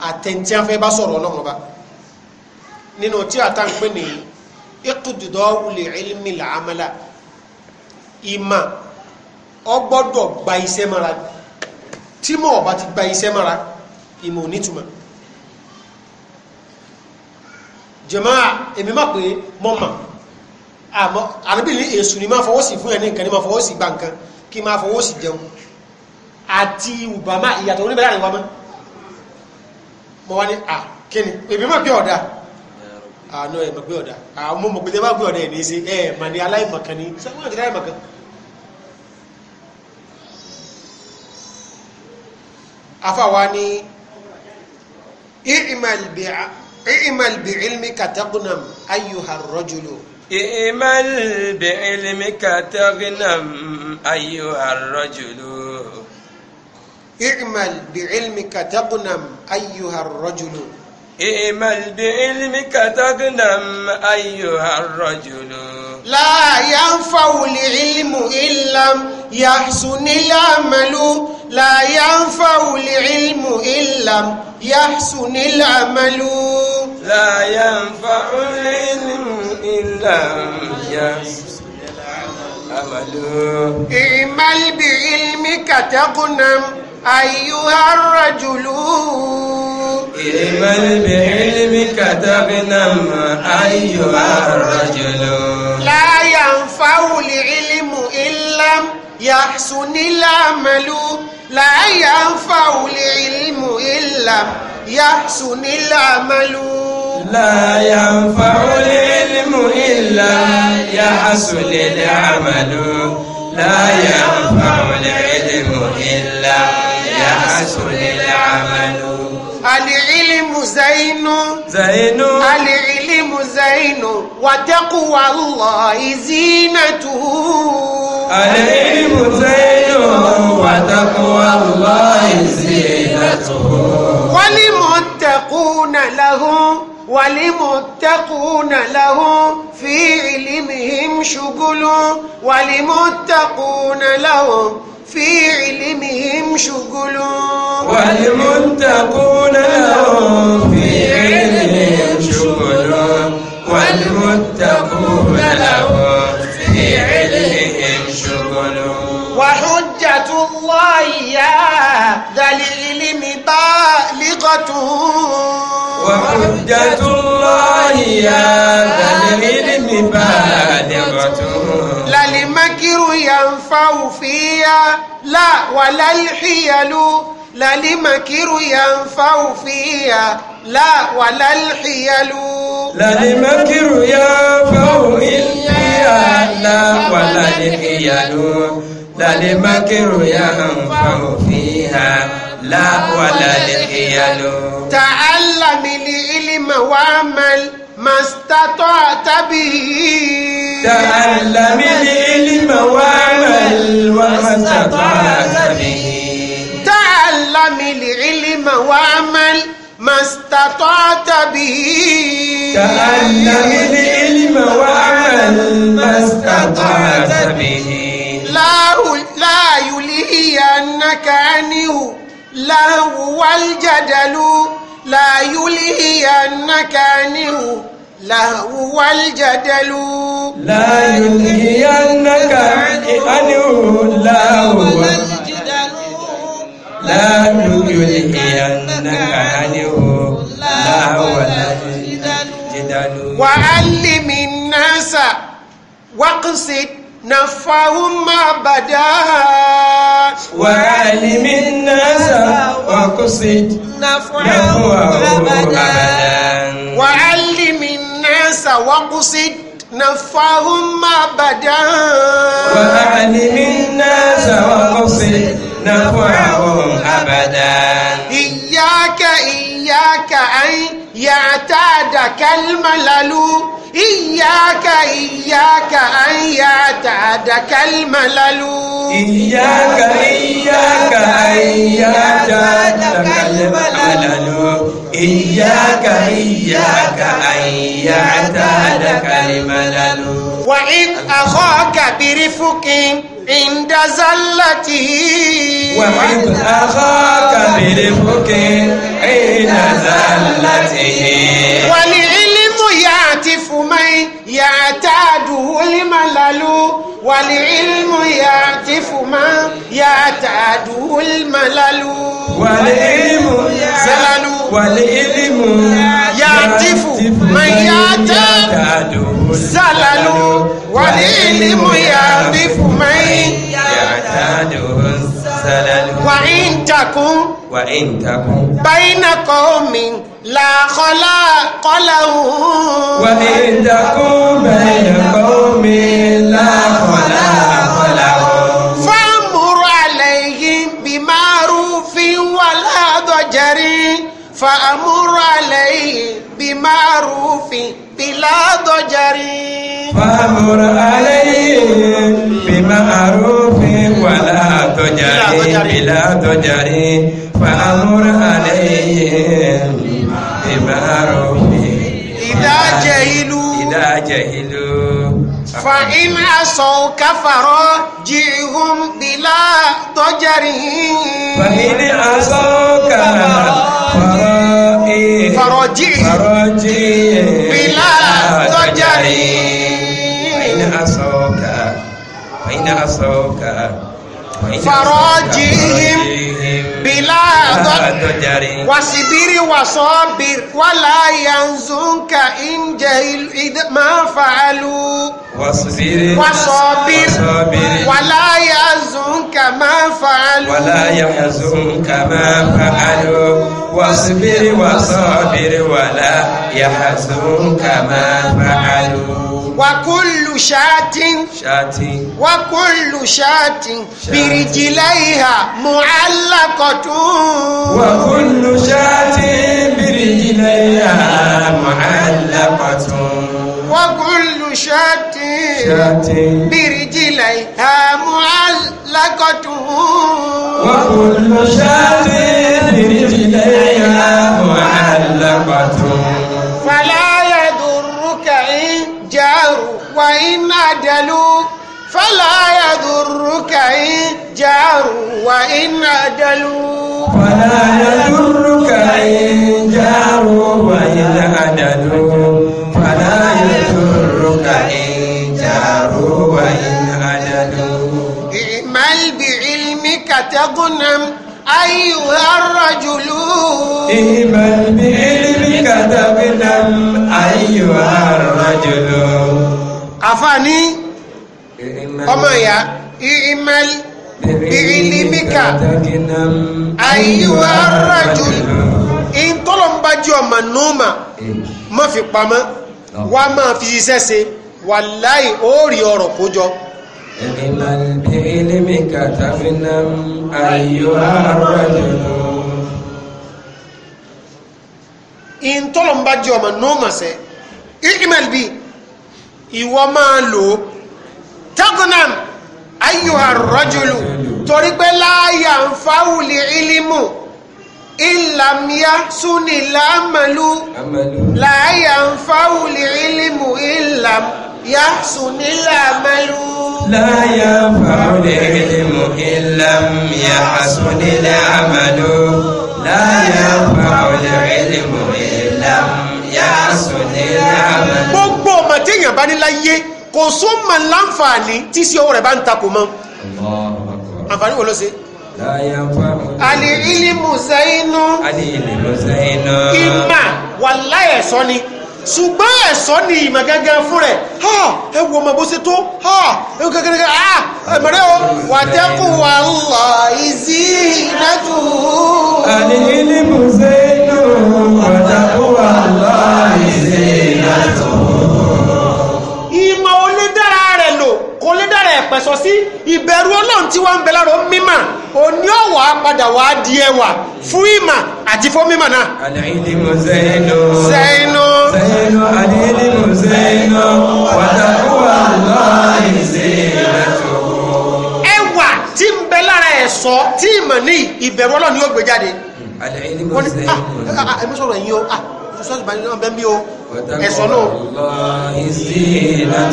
àtẹ̀ntí afẹ́ bá sọ̀rọ̀ ọlọ́run ọba nínú tí àtà ń pè ní iqtidau li ilmi al ìmọ̀ ọgbọ́dọ̀ gba iṣẹ́ mọ́ra tí mọ̀ ọ̀bá ti gba iṣẹ́ mara ìmọ̀ onítùmọ̀ jàmáà èmi má pé mọ́ mà àbíbìlì èṣù ni máa fọwọ́ sí fún ẹni nǹkan ni máa fọwọ́ sí gba nǹkan kí máa fọwọ́ sí jẹun àti ìwùbámá ìyàtọ̀ oníbẹ̀rẹ̀ àríwá mọ́ mọ́ wá ní à kíni èmi má gbé ọ̀dà àánú ẹ̀ mọ̀ gbé ọ̀dà àwọn ọmọ mọ̀ pé tẹ́ bá gbé ọ̀dà ẹ̀ ní ṣe ẹ̀ mà aláìmọ̀kan ní sẹ́wọ́n àti aláìmọ̀kan afáwa ní i'mal bi'ilmika taqnam ayyuha ar-rajulu. i'mal bi'ilmika taqnam ayyuha ar-rajulu. i'mal bi'ilmika taqnam ayyuha ar-rajulu. i'mal bi'ilmika taqnam ayyuha ar-rajulu. لا ينفع العلم إن لم يحسن العمل لا ينفع العلم إن لم يحسن العمل لا ينفع العلم إن لم يحسن العمل اعمل بعلمك تغنم أيها الرجل اعمل بعلمك تغنم أيها الرجل لا ينفع العلم إن لم يحسن العمل لا ينفع العلم إلا يحسن العمل لا ينفع العلم إلا يحسن العمل لا ينفع العلم إلا يحسن العمل العلم زين زين العلم زين وتقوى الله زينته العلم زين وتقوى الله زينته ولمتقون له ولمتقون له في علمهم شغل ولمتقون له في علمهم شغل والمتقون لهم في علمهم شغل والمتقون لهم في علمهم شغل وحجة الله يا ذا العلم بالغة وحجة الله يا ذا العلم بالغة الذكر ينفع فيها لا ولا الحيل لا لمكر ينفع فيها لا ولا الحيل لا لمكر ينفع فيها لا ولا الحيل لا لمكر ينفع فيها لا ولا الحيل تعلم العلم وعمل ما استطعت به تعلم العلم وعمل وما استطعت به تعلم العلم وعمل ما استطعت به تعلم العلم وعمل ما استطعت به لا لا يلهي عنه لهو والجدل لا أنك عنه لهو والجدل لا أنك عنه لهو لا أنك عنه لهو الجدل وعلم الناس واقصد نفعوا ما بدا وعلم الناس وقصد نفعوا أبدا وعلم الناس وقصد نفعهم ما بدا وعلم الناس وقصد نفعهم أبدا إياك إياك يعتاد كالملل إياك إياك أن يعتادك الملل إياك إياك أن يعتادك الملل إياك إياك أن يعتادك الملل وإن أخاك برفق عند زلته وعند أخاك برفق عند زلته والعلم يعتف من يعتاده الملل والعلم يعتف من يعتاده الملل والعلم زلل والعلم يعتف من يعتاده الزلل والعلم يعرف من يعتاده الزلل وإن تكن وإن تكن بين قوم لا خلاق لهم وإن تكن بين قوم لا خلاق لهم فأمر عليهم بمعروف ولا ضجر فأمر عليهم بمعروف بلا ضجر فامر عليه بمعروف ولا ضجر بلا ضجر فامر عليه بمعروف إذا جهلوا إذا جهلوا فإن عصوك فراجعهم بلا ضجر فإن عصوك فراجعهم فراجعهم عصوك فرجهم بلا ضجر واصبر وصابر ولا ينزنك إن جهل إذ ما فعلوا واصبر وصابر ولا يحزنك ما فعلوا ولا يحزنك ما فعلوا واصبر وصابر ولا يحزنك ما فعلوا وكل kullu shatin shatin wa kullu shatin birijilaiha mu'allaqatun wa kullu shatin birijilaiha mu'allaqatun wa kullu shatin birijilaiha mu'allaqatun wa kullu shatin birijilaiha mu'allaqatun وإن عدلوا فلا يضرك إن جاروا وإن عدلوا فلا يضرك إن جاروا وإن عدلوا فلا يضرك إن جاروا وإن عدلوا اعمل بعلمك تغنم أيها الرجل اعمل بعلمك تغنم أيها الرجل àfààní ọmọ ya, ìmẹ́l bìrìlímíkà àyíwá rájú ìtọ́lọ̀mbájú ọmọ nọ́ọ̀mà má fi pamọ́ wá máa fi iṣẹ́ ṣe wà láì óòrì ọ̀rọ̀ kójọ ìmẹ́l bìrìlímíkà tàbínà ìtọ́lọ̀mbájú ọmọ nọ́ọ̀mà sẹ́ ìmẹ́l ìwọ máa lò ó tagunam ayuha rọjòlù torí pé láàyà ń fáwùlì ìlímù ìlàmíyá súnì láàmàlú láàyà ń fáwùlì ìlímù ìlàmíyá súnì láàmàlú. láàyà ń fáwùlì ìlímù ìlàmíyá súnì láàmàlú láàyà ń fáwùlì ìlímù ìlàmíyá súnì láàmàlú tí èèyàn bá ní láyé kò só mà láǹfààní tí sí ọwọ́ rẹ̀ bá ń takò mọ́ àǹfààní wo ló ṣe. àlè ìlímù sẹ́yìnú ìmà wàlá ẹ̀sọ́ ni ṣùgbọ́n ẹ̀sọ́ ni ìmọ̀ gẹ́gẹ́ fún rẹ̀ ha ẹwọ ọmọ bó ṣe tó ha ẹwọ gẹ́gẹ́ ha ẹ̀mọ̀rẹ́ o wà tẹ́kù wà ń lọ ìzí ìdájú. àlè ìlímù sẹ́yìnú. yẹ̀pẹ̀ sọ sí ìbẹ̀rù ọlọ́run tí wọ́n ń bẹ lára mímà òní ọ̀wà padà wà á di ẹwà fún ìmà àti fún mímà náà. àlẹ́yìnlẹ́ mo zẹ́yìnú. zẹ́yìnú. zẹ́yìnú àlẹ́yìnlẹ́ mo zẹ́yìnú wàtàkùwà láì zẹ́yìnlẹ́ ẹwà tí ń bẹ lára ẹ̀sọ́ tí ìmọ̀ ní ìbẹ̀rù ọlọ́run yóò gbé jáde. àlẹ́yìnlẹ́ mo zẹ́yìnú ẹ̀sọ́ náà.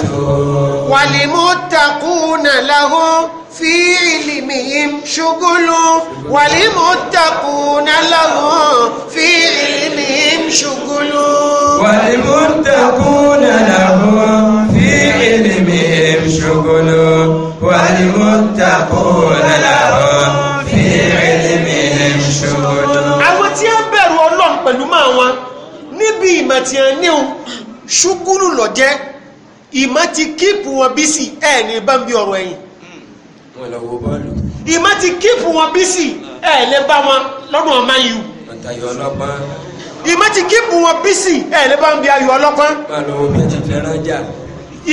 wàlímùtàkùnà lahum fi ilmihim ṣùgúlù wàlímùtàkùnà lahum fi ilmihim ṣùgúlù. wàlímùtàkùnà lahum fi ilmihim ṣùgúlù wàlímùtàkùnà lahum. pé ìmọ̀ tí a ní o ṣúgúrù lọ jẹ́ ìmọ̀ ti kíìpù wọn bí sí ẹ̀ ní bá ń bí ọ̀rọ̀ ẹ̀yìn ìmọ̀ ti kíìpù wọn bí sí ẹ̀ lè bá wọn lọ́dún ọmọ yìí ìmọ̀ ti kíìpù wọn bí sí ẹ̀ lè bá ń bí ayò ọlọ́pàá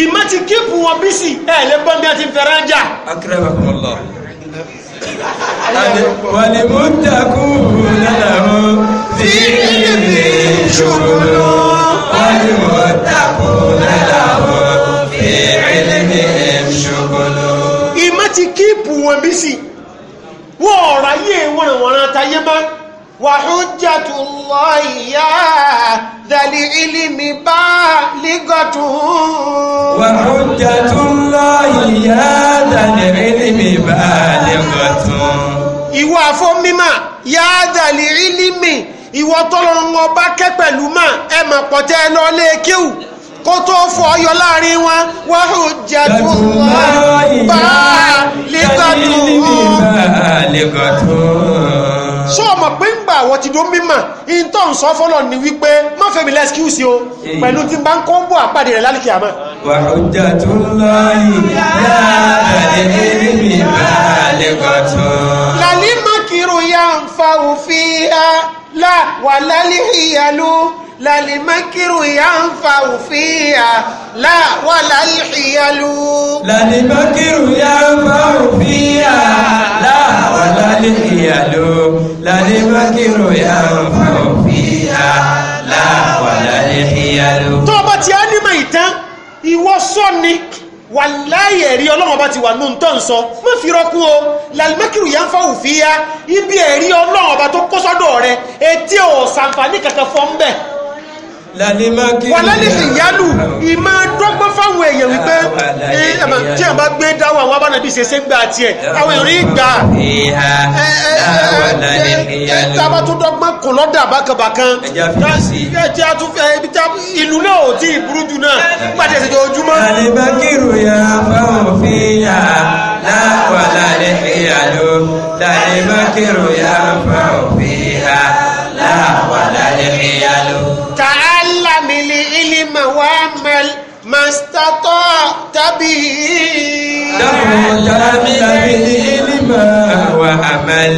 ìmọ̀ ti kíìpù wọn bí sí ẹ̀ lè bá ń bí àti fẹ́ràn jà. wàlẹ̀ mú takùn lẹ́nà ó sí ilé شكر والمتقون لهم في علمهم شكر ìmọ̀ ti kíìpù wọn bí sí wọ́n ọ̀rọ̀ ayé wọn àwọn àtàyé máa wàhújàtú lọ ìyá dàlí ìlímì bá lígọ̀tù. wàhújàtú lọ ìyá dàlí ìlímì bá lígọ̀tù. ìwọ àfọ mímà yá dàlí ìlímì ìwọ tọ́lọ́run ọba kẹ́ pẹ̀lú mà ẹ mà pọ̀tẹ́ lọ lé e kíw kó tó fọ ọyọ láàrin wọn wàhù jẹ̀dù wọn bá lẹ́gàdù sọ ma pé ń gbà àwọn ti dún mímọ̀ ìtọ́ ń sọ fọlọ́ ni wípé má fẹ́ mi lẹ́skíùsì o pẹ̀lú tí n bá ń kó ń bọ̀ àpàdé rẹ̀ lálùkì àmọ́. wàhùjà tó ń lọ yìí yá àlẹ́ mi bá lẹ́gàdù. làlí mọ́kìrù yá ń fa òfin yá. لا وللحيل لا لمكر ينفع فيها لا ولا الحيل لا لمكر ينفع فيها لا ولا الحيل لا لمكر ينفع فيها لا ولا الحيل tó bá ti á nímọ̀ ìtàn ìwọ sọ ni wàláyé ẹ̀rí ọlọ́run ọba ti wà nù tó ń mọ́ fi rọ́kú o làlùmẹ́kìrù yà ń fa òfin ya ibi ẹ̀rí ọlọ́run ọba tó kó sọ́dọ̀ rẹ etí ò sàǹfààní kankan fọ́ ń bẹ̀. wàlálẹ̀ ìyálù ìmọ̀ dọ́gbọ́n fáwọn èèyàn wípé tí a bá gbé dáwọ́ àwọn abánàbí ṣe ṣe ń gba tiẹ̀ àwọn èrè ìgbà tábà tó dọ́gbọ́n kò lọ́dà bákanbákan ẹ̀jẹ̀ àtúnfẹ́ ìlú náà ò tí ìburú jù náà pàtẹ́ ìṣèjọ ojúmọ́. àlebákìrù ya fáwọn fi yà láwà lálẹ́ ìyàló àlebákìrù ya fáwọn fi yà láwà lálẹ́ ìyàló. tààlàmì lè ilé màwá màstátọ̀ tàbí. dáhùn tàbí tàbí ilé màá wa amal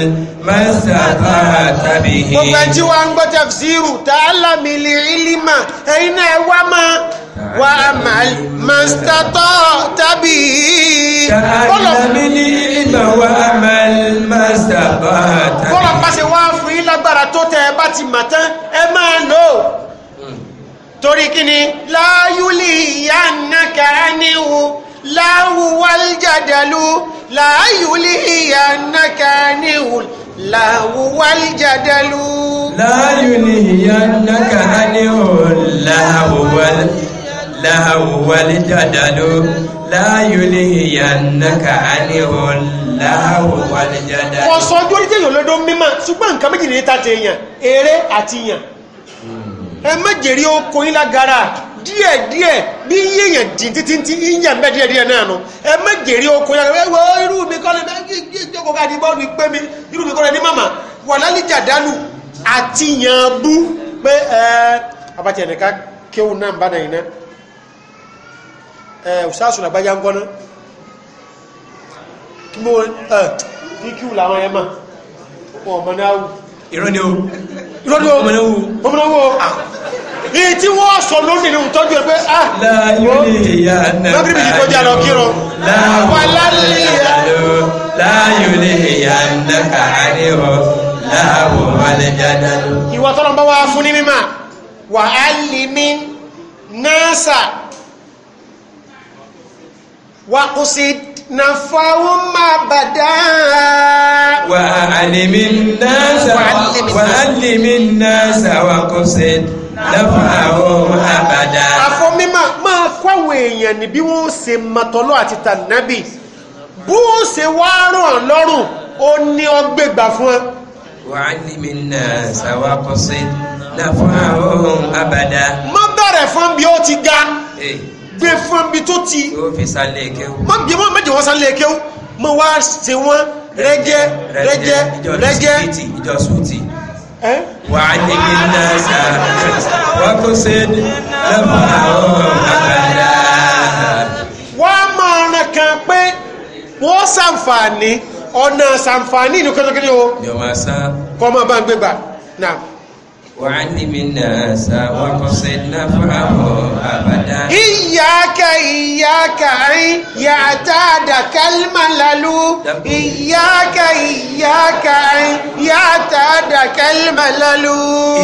mọ́sàtàrà tàbí hi. gbogbo ẹjí wa ń gbọ́ tafsiru ta'allami li ilima ẹ̀yin náà ẹ wá máa wa amal mọ́sàtàrà tàbí hi. ta'allami li ilima wa amal mọ́sàtàrà tàbí hi. bọ́lá pàṣẹ wá fún yín lágbára tó tẹ ẹ bá ti mà tán ẹ lahu wal jadalu la yulhiyannaka anil lahu wal jadalu la yulhiyannaka anil lahu wal lahu wal jadalu la yulhiyannaka anil lahu wal jadalu. ọ̀sán ojú orí jẹ́yàn lọ́dọ̀ mímọ́ ṣùgbọ́n nǹkan méjì ní ta ti yàn eré àti yàn. ẹ má jèrè oko yín lágara díẹ̀díẹ̀ bí yíyàn dín títí tí yíyàn bẹ́ díẹ̀díẹ̀ náà nù ẹ má jèrè oko yín lágara ẹwọ irú mi kọ́lẹ̀ jókòó káàdì bọ́ọ̀lù pé mi irú mi kọ́lẹ̀ ní màmá wà àti yàn bú pé ẹ abatí kéwù náà ń ọmọ náà wù. o. lọ́dún ọmọdéwò ah. èyí tí wọ́n sọ lónìí ní ìtọ́jú ẹgbẹ́ ah lọ́dún ìbí kọjá lọ kírun àpàlálẹ́yà láàyò lè yà nàkà àríwọ̀ láàwọ̀ alẹ́jáde. ìwà tọ́lọ̀ bá wá fún ní mímà wà á lè mí náà sà wà kó sí نفوا ما بدا وعلم الناس وعلم الناس وقصد نفعوا ما بدا àfọ mímọ̀ máa kọ́ àwọn èèyàn ní bí wọ́n ṣe mọ̀tọ́lọ́ àti tànàbì bó ṣe wá ràn án lọ́rùn ó ní ọgbẹ́gbà fún ẹ. وعلم الناس وقصد نفعوا ما بدا. má bẹ̀rẹ̀ fún bí ó ti ga. Eh gbé fún mi tó ti. yóò fi sálẹ̀ kéwù. mọ bí wọn méje wọn sálẹ̀ kéwù mo wá ṣe wọn rẹjẹ rẹjẹ rẹjẹ. ìjọ sùtì wà á ní náà sá wà kó ṣe lẹ́mọ̀ àwọn àgbàdá. wọ́n á máa ràn kàn pé wọ́n ṣàǹfààní ọ̀nà ṣàǹfààní ìlú kẹ́tọ́kẹ́tọ́ o. yọ̀ọ́ máa sá. kọ́ máa bá ń gbé gbà náà. وعلم الناس وقصد نفعه أبدا إياك إياك أن يعتادك الملل إياك إياك أن يعتادك الملل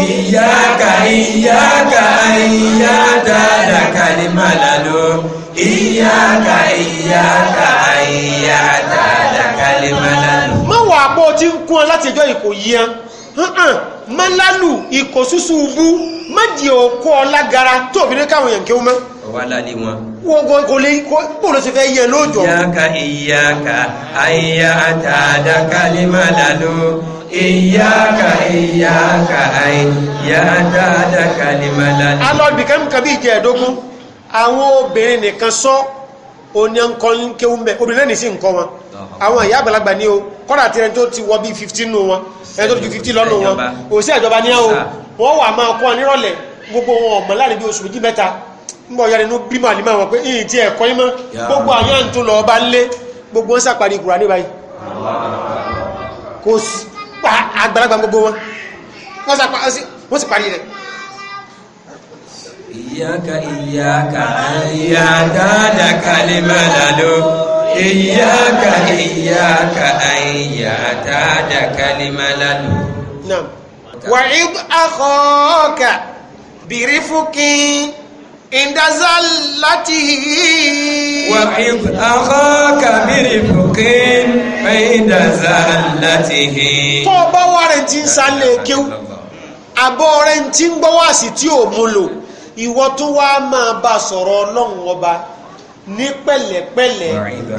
إياك إياك أن يعتادك الملل إياك إياك أن يعتادك الملل. má wàá bọ́ ọ ti ń kún ọ láti ẹjọ́ ìkòyí yẹn hàn mọ́lálù ikọ̀ súsú ubú mọ́jì òkú ọlágara tó fi ní káwọn èèyàn kí ó mọ́ wàlálì wọn. wọ́n kò lè kó ló ṣe fẹ́ yẹ lóòjọ́. ìyáka ìyáka àyà àtàdàkà lè má lálò ìyáka ìyáka àyà àtàdàkà lè má lálò. alọ́ ibìkan kàbí ìjẹ́ ẹ̀dógún àwọn obìnrin nìkan sọ onye ọkọ̀ kéwú mẹ́ obinrin ní sí wọn àwọn ìyá àgbàlagbà ni o kọ́nà tí ẹni tó ti wọ bí 15 nù wọn ẹni tó ti ju 15 lọ́nù wọn òsì o si wà máa kọ́ nírọ̀lẹ́ gbogbo wọn ọ̀mọ̀ láàrin bí oṣù méjì mẹ́ta ńgbọ̀ yára inú bímọ àlímọ̀ wọn pé ìyìn tí ẹ̀kọ́ yín mọ́ gbogbo àyàn ń tó lọ gbogbo ń ní ìyáka ìyáka àyàdá dàkàlẹ̀ màlàdó ìyáka ìyáka àyàdá dàkàlẹ̀ màlàdó. wàhíb àkọ́ọ̀kà bìrì fúkin indazalatihi. wàhíb àkọ́ọ̀kà bìrì fúkin indazalatihi. tó o bá wà rẹ̀ ti ń sálẹ̀ kéw àbọ̀ rẹ̀ ti ń gbọ́ wá sí ìwọ tó wá máa bá sọ̀rọ̀ ọlọ́run ọba ní pẹ̀lẹ́pẹ̀lẹ́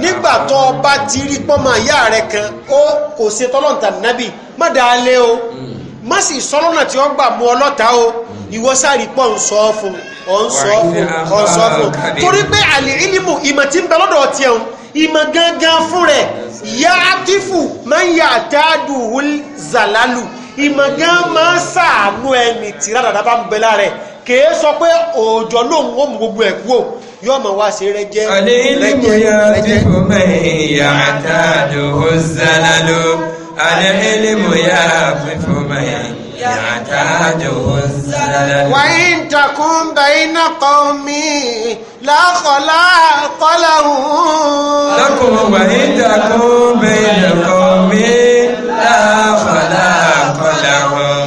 nígbà tó o ti rí pọ́nmọ ìyá rẹ kan ó kò ṣe tọ́lọ́ǹtà nábì má dáa o hmm. má sì sọ́lọ́nà tí ó gbà mú ọlọ́ta o hmm. ìwọ sáré pọ̀ ń sọ fún ọ̀ ń sọ fún ọ̀ ń sọ fún torí pé àlè ìlímù ìmọ̀ tí ń bẹ lọ́dọ̀ ọtí ẹ̀hún ìmọ̀ gangan fún rẹ̀ yá átífù máa ń yà àtàdù wúl zàlálù ìmọ̀ gan máa ń sàánú ẹni tí bá ń bẹ lára rẹ̀ kèé sọ pé òòjọ́ lòun ó mú gbogbo ẹ̀ kú ò yóò mọ̀ wá sí rẹ́jẹ́ alẹ́ ilmu yóò ti kò mẹ́yìn ìyá àtàdó ó zálálò alẹ́ ilmu yóò ti kò mẹ́yìn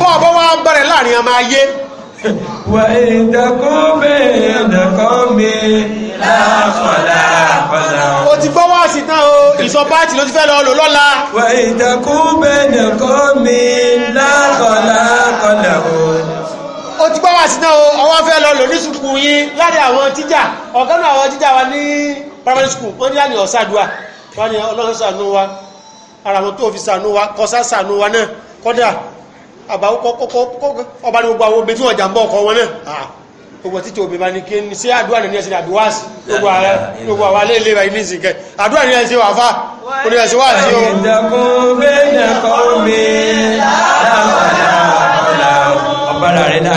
bọ́ọ̀ bọ́ wá gbọ́rẹ̀ láàrin ọmọ ayé. وإن تكن بين قوم o ti gbọ́ wá sí tán o ìsọ páàtì ló ti fẹ́ lọ lò lọ́la. وإن تكن بين قوم لا خلاق لهم. o ti gbọ́ wá sí tán o ọwọ́ fẹ́ lọ lò ní sùkùn yín láti àwọn tíjà ọ̀gá àwọn tíjà wa ní primary school wọ́n ní àná ọ̀sàdùà wọ́n ní ọlọ́run wa ara wọn tó fi ṣàánú wa kọ́sá ṣàánú wa náà kọ́dà àbáwọ́kọ́ kọ́kọ́ ọba ní gbogbo àwọn obìnrin tí wọ́n jàmbá ọkọ̀ wọn náà gbogbo títí obìnrin bá ní kí ní sí àdúrà ní ẹ̀sìn àdúwàsì gbogbo àwọn alẹ́ ilé ìbáyìí ní ìsìnkẹ́ àdúrà ní ẹ̀sìn wà fà wà sí o. kọ́ mi láwàdà ọ̀la ọ̀bára lè bára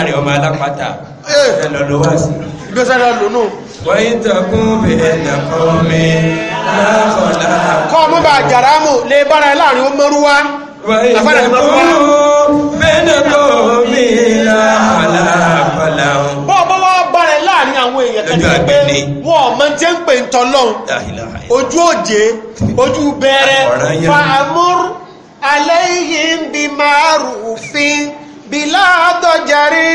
láàrin ó mọ́rú wá. wọ́n ìdàkùn bẹ́ẹ̀ni lómi làálà àbàlà. bọ́ ọ bá wá bára ẹ láàrin àwọn èèyàn kan jẹ́ pé wọn ò mọ jẹ́ ń pè ń tọ́lọ́hún ojú òjé ojú bẹ̀rẹ̀ fàmúr aláìhìn bí márùfín bílá àdọ́jàrí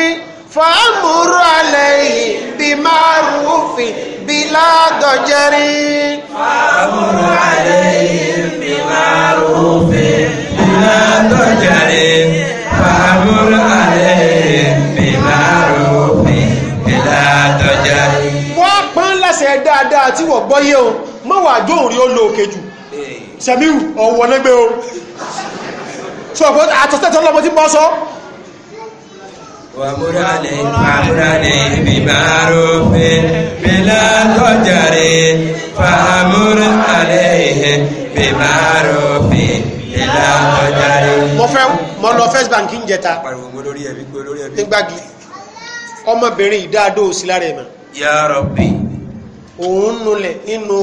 aláìhìn bí márùfín bílá àdọ́jàrí. aláìhìn bí márùfín bílá ẹsẹ̀ dáadáa tí wọ́n gbọ́ yé o mọ́wàá àjọhùn rí ó lo òkè jù sẹ́míù ọ̀wọ́ lẹ́gbẹ́ o sọ pé àtọ̀tẹ́tọ̀ lọ́mọ tí bọ́ sọ. wàmúrálẹ̀ wàmúrálẹ̀ bíbárò fẹ́ bílá tọ́jàre fàmúrálẹ̀ bíbárò fẹ́ bílá tọ́jàre. mo fẹ́ mo lọ first bank ń jẹta nígbàgì ọmọbìnrin ìdáadó òsì lára ẹ̀ mọ́. yàrá bíi òun nulẹ̀ nínú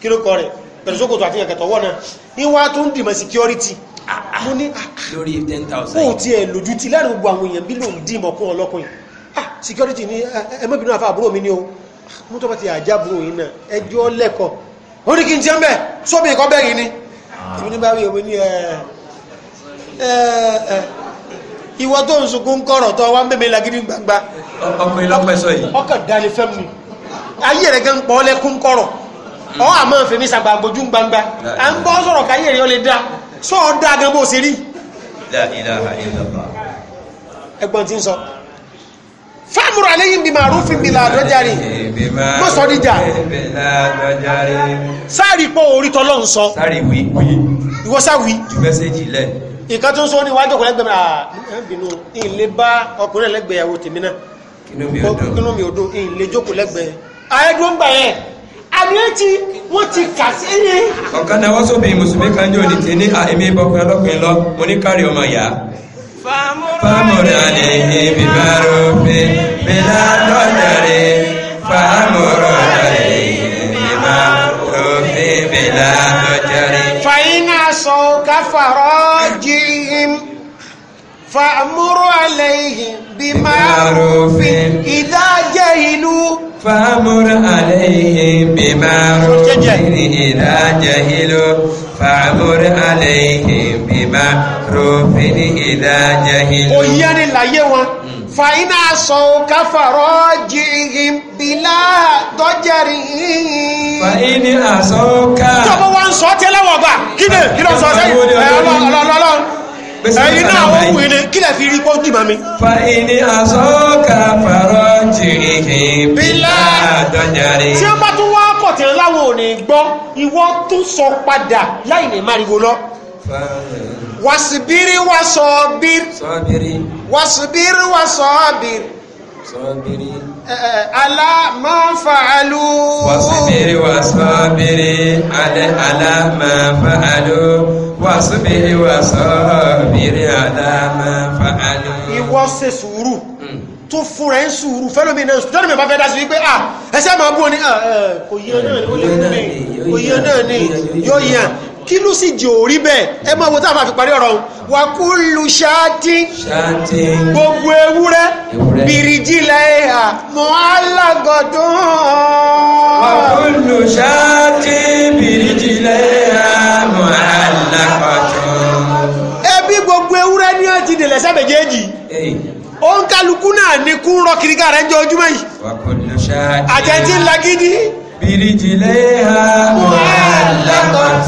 kílókọ rẹ̀ pẹ̀lú sókòtò àti ìyàkẹ̀tọ̀ wọ́n náà ìwà tó ń dìmọ̀ security ah, ah. mo ní ah, lórí ten thousand kóò tiẹ̀ lójú ti láàrin gbogbo àwọn èèyàn bí lòun dìmọ̀ kún ọlọ́kùnrin ah security ni ẹmọ́bìnrin àfa àbúrò mi ni o mú tó bá ti àjá àbúrò yìí náà ẹjọ́ lẹ́kọ̀ọ́ ó ní kí n jẹ́ mbẹ́ sóbì nǹkan bẹ́ẹ̀ yìí ni èmi ní báwí èmi ní ìwọ tó ń sunkún kọ̀rọ̀ tó wá ń bẹ̀mí lagídí gbangba ọkọ̀ ìlọ́pẹ̀sọ yìí ọkọ̀ dalẹ̀ fẹ́ mi ayé rẹ̀ gan pọ̀ lẹ́kún kọ̀rọ̀ ọ àmọ́ fèmí sàgbàgbójú gbangba à ń bọ́ sọ̀rọ̀ káyé rẹ̀ ọlẹ́ dá sọ ọ dá gan bó ṣe rí. ẹgbọ́n ti ń sọ fáàmùrù àléyìn bíi màrúfin bíi làdọ́jàre mọ́ sọ níjà sáàrì pọ̀ orí tọ́lọ́ ń sọ sáàrì wí ìwọ sáwì ìkan tó ń sọ ní iwájú ọkùnrin ẹgbẹ́ mi àbínú ìlé bá ọkùnrin ẹlẹgbẹ́ ìyàwó tèmi náà kínú mi ò dùn ìlé jókòó lẹ́gbẹ̀ẹ́ àyẹ̀dúró ń gbà yẹn àníyànjú wọ́n ti kà sí yé. ọ̀kan náà wọ́n sóbì mùsùlùmí kan jò ní ti ní àìmí bọ́kùnrin ọlọ́kùnrin lọ mo ní kárí ọmọ ìyá. fámúrà lè ní bíbá rúfin bílá lọ́dọ̀ rẹ̀ fámúrà lè ní bíbá rúfin bílá lọ́dọ̀ rẹ̀. fàyínà sọ káfàrọ́ jí im fàmúrà lè ní bíbá rúfin ìdájẹ́ ìlú. فأمر عليهم بمعروف إذا جهلوا فأمر عليهم بمعروف إذا جهلوا kò yé ni láyé wọn fàyínà sọ̀rọ̀ káfàrọ̀ jìhìn bílà dọ́jẹ̀rì yìí. fàyínà sọ̀rọ̀ ká. tọ́bọ̀ wa ń sọ tẹ́lẹ̀ wọ̀ gbà kí ni ẹ̀yin náà ó wù ní kí lè fi rí pọ́ dìbà mi. fa ìní àsọ́ọ̀kà fàrọ̀ jìrì ìbílà àdọ́jàre. tí ó bá tún wá pọ̀ tí láwọn ò ní gbọ́ ìwọ tún sọ padà láì ní máriwo lọ. wàsíbírí wà sọ bír. wàsíbírí wà sọ bír. Ala máa fa'alú. Wàsíbírí wà sọ bír. Ala máa fa'alú. واصبر وصابر على ما فعلوا ìwọ ṣe sùúrù tó fúnra ẹ̀ ń sùúrù fẹ́lómi náà tọ́nà mi bá fẹ́ dásí wípé ah ẹsẹ́ máa bú ọ ní ah, kò náà ni ó lè mú yóò yíyan kí ló sì jẹ́ orí bẹ́ẹ̀ ẹ máa wo tá a parí ọ̀rọ̀ wa kullu ṣáàtì gbogbo ewúrẹ́ bìrìjìlẹ̀ ẹ̀hà mọ́ alágọ̀dún. wa kullu ṣáàtì bìrìjìlẹ̀ ẹ̀hà mọ́ alágọ̀dún. ẹbí gbogbo ewúrẹ́ ní ọ̀tí dèlẹ́sẹ̀ méjèèjì ó ń kálukú náà ní kú rọ kiriká rẹ̀ ń jẹ ojúmọ́ yìí àjẹjí ńlá gidi. bíríjì léha mọ́ alákọ̀tàn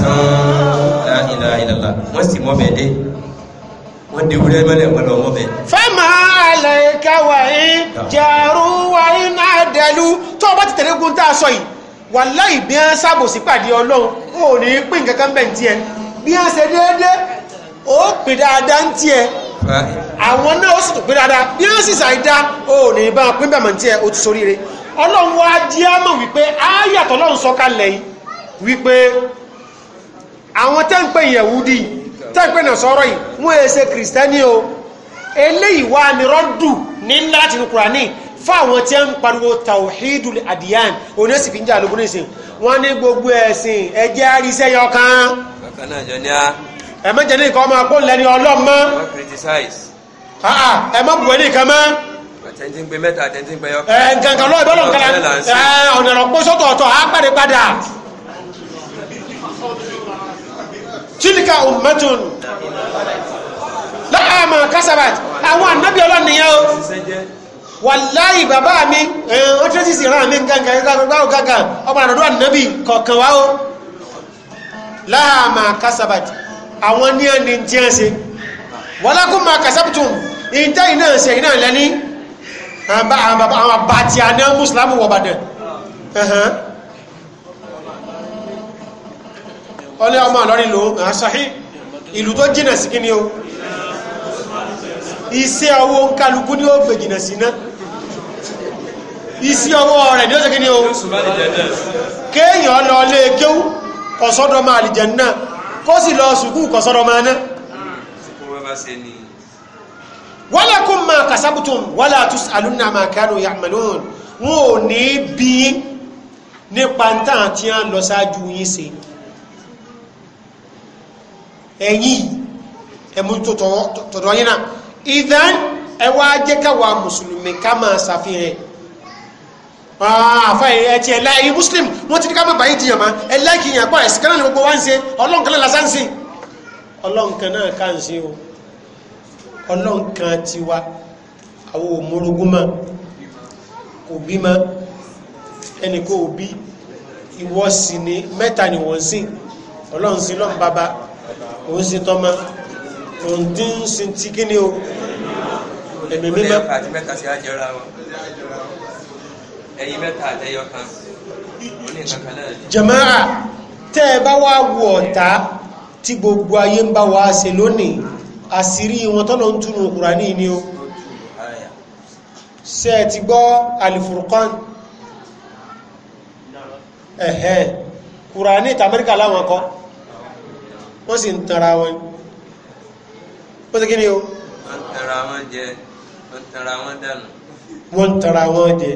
láìlà ìlàlà wọ́n sì mọ́ bẹ́ẹ̀ dé wọ́n di wúlẹ́ mẹ́lẹ̀ wọ́n lọ mọ́ bẹ́ẹ̀. fẹ́mà àlẹ́ká wàyí jẹ̀rú wàyí náà dẹ̀lú tó o bá ti tẹ̀lé gun tá a sọ yìí wàláì bí sábòsí pàdé ọlọ́run wọn ò ní pín kankan bẹ́ẹ̀ tiẹ̀ bí wọ́n ṣe déédéé ó pè dáadáa ń tiẹ̀ àwọn náà ó sì tún pè dáadáa bí wọ́n sì ṣàìdá ó ní bá wọn pín bàmọ̀ ń tiẹ̀ ó ti soríire ọlọ́run wá jí á mọ̀ wípé áyàtọ̀ lọ́run sọ kalẹ̀ yìí wípé àwọn tẹ́ǹpẹ́ Yẹ̀húdì tẹ́ǹpẹ́ náà sọ̀rọ̀ yìí wọ́n èé ṣe kìrìsìtẹ́nì o eléyìí wá ní rọ́dù ní ńlá láti inú Kùránì fáwọn tí ń pariwo tawhidul adiyan onesi fi ń jà lóbúnisìn wọ́n ní gbogbo ẹ̀sìn ẹjẹ́ àríṣẹ́ yọkan ẹ má jẹ́ ní nǹkan ọmọ akó lẹ́ni ọlọ́run mọ́. ẹ má bù ẹ́ nìkan mọ́. àtẹ̀ntì ń gbé mẹ́ta àtẹ̀ntì ń gbé yọ. ẹ nǹkan kan lọ́ọ̀dọ́ lọ́n kala ọ̀nà ọ̀rọ̀ pé sọ́tọ̀ ọ̀tọ̀ á pàdé padà. tilka ummatun láàmà kásábàt àwọn ànábì ọlọ́run nìyẹn o wàláyì bàbá mi ẹ̀hún tí ó sì sì rán mi gangan gbáwò gangan ọmọ àdọ́dọ́ ànábì àwọn ní ẹni tí ẹ ṣe walakum ma kasabtum ìtẹ́ iná ṣe iná lẹ́ni àwọn àbàtì àná mùsùlámù wọ̀bàdàn ọlẹ́ ọmọ àlọ́rin ló àṣàhí ìlú tó jìnà sí kí ni o iṣẹ́ ọwọ́ ń kálukú ní ó gbè jìnà sí náà iṣẹ́ ọwọ́ rẹ̀ ní ó sì kí ni o kéèyàn lọ lé kéwú ọ̀sọ́dọ̀ máa lìjẹ̀ náà kó sì lọ sùkú kọ̀sọ́rọ̀ máa ná wala kum ma kasabtum wala tus'aluna ma kanu ya'malun wọn ò ní bí nípa ń tàn tí a ń lọ sáájú yín ṣe ẹ̀yìn ẹ̀mú tó ìdán ẹwà jẹ́ mùsùlùmí ká máa ṣàfihàn àfa ẹtì ẹ̀la ẹ̀yí muslim wọ́n ti ní ká má bàyí jiyàn má ẹ̀la kì pa ẹ̀sìn kanáà ni gbogbo wa ń ṣe ọlọ́run kanáà lásán ń ṣe ọlọ́run kan náà ká ń ṣe o ọlọ́run kan ti wa àwọn òmorogún mọ́ kò bí mọ́ ẹnì kò bí ìwọ sì ni mẹ́ta ni wọ́n sìn ọlọ́run sí lọ́n bàbá òun sí tọ́mọ òun tí ń sin tí kí ni o ẹ̀mí mímọ́ ẹ̀yin mẹ́ta àtẹyọ kan ó ní nǹkan kan náà ni. jàmáà tẹ́ ẹ bá wá wo ọ̀tá tí gbogbo ayé ń bá wa ṣe lónìí àṣírí wọn tọ́lọ̀ ń túnú Kùránì ni o ṣe ẹ ti gbọ́ Al-Furqan ẹ̀hẹ́ Kùránì ìta Amẹ́ríkà láwọn kọ́ wọ́n sì ń tanra wọn ó ti kí o wọ́n tanra wọn jẹ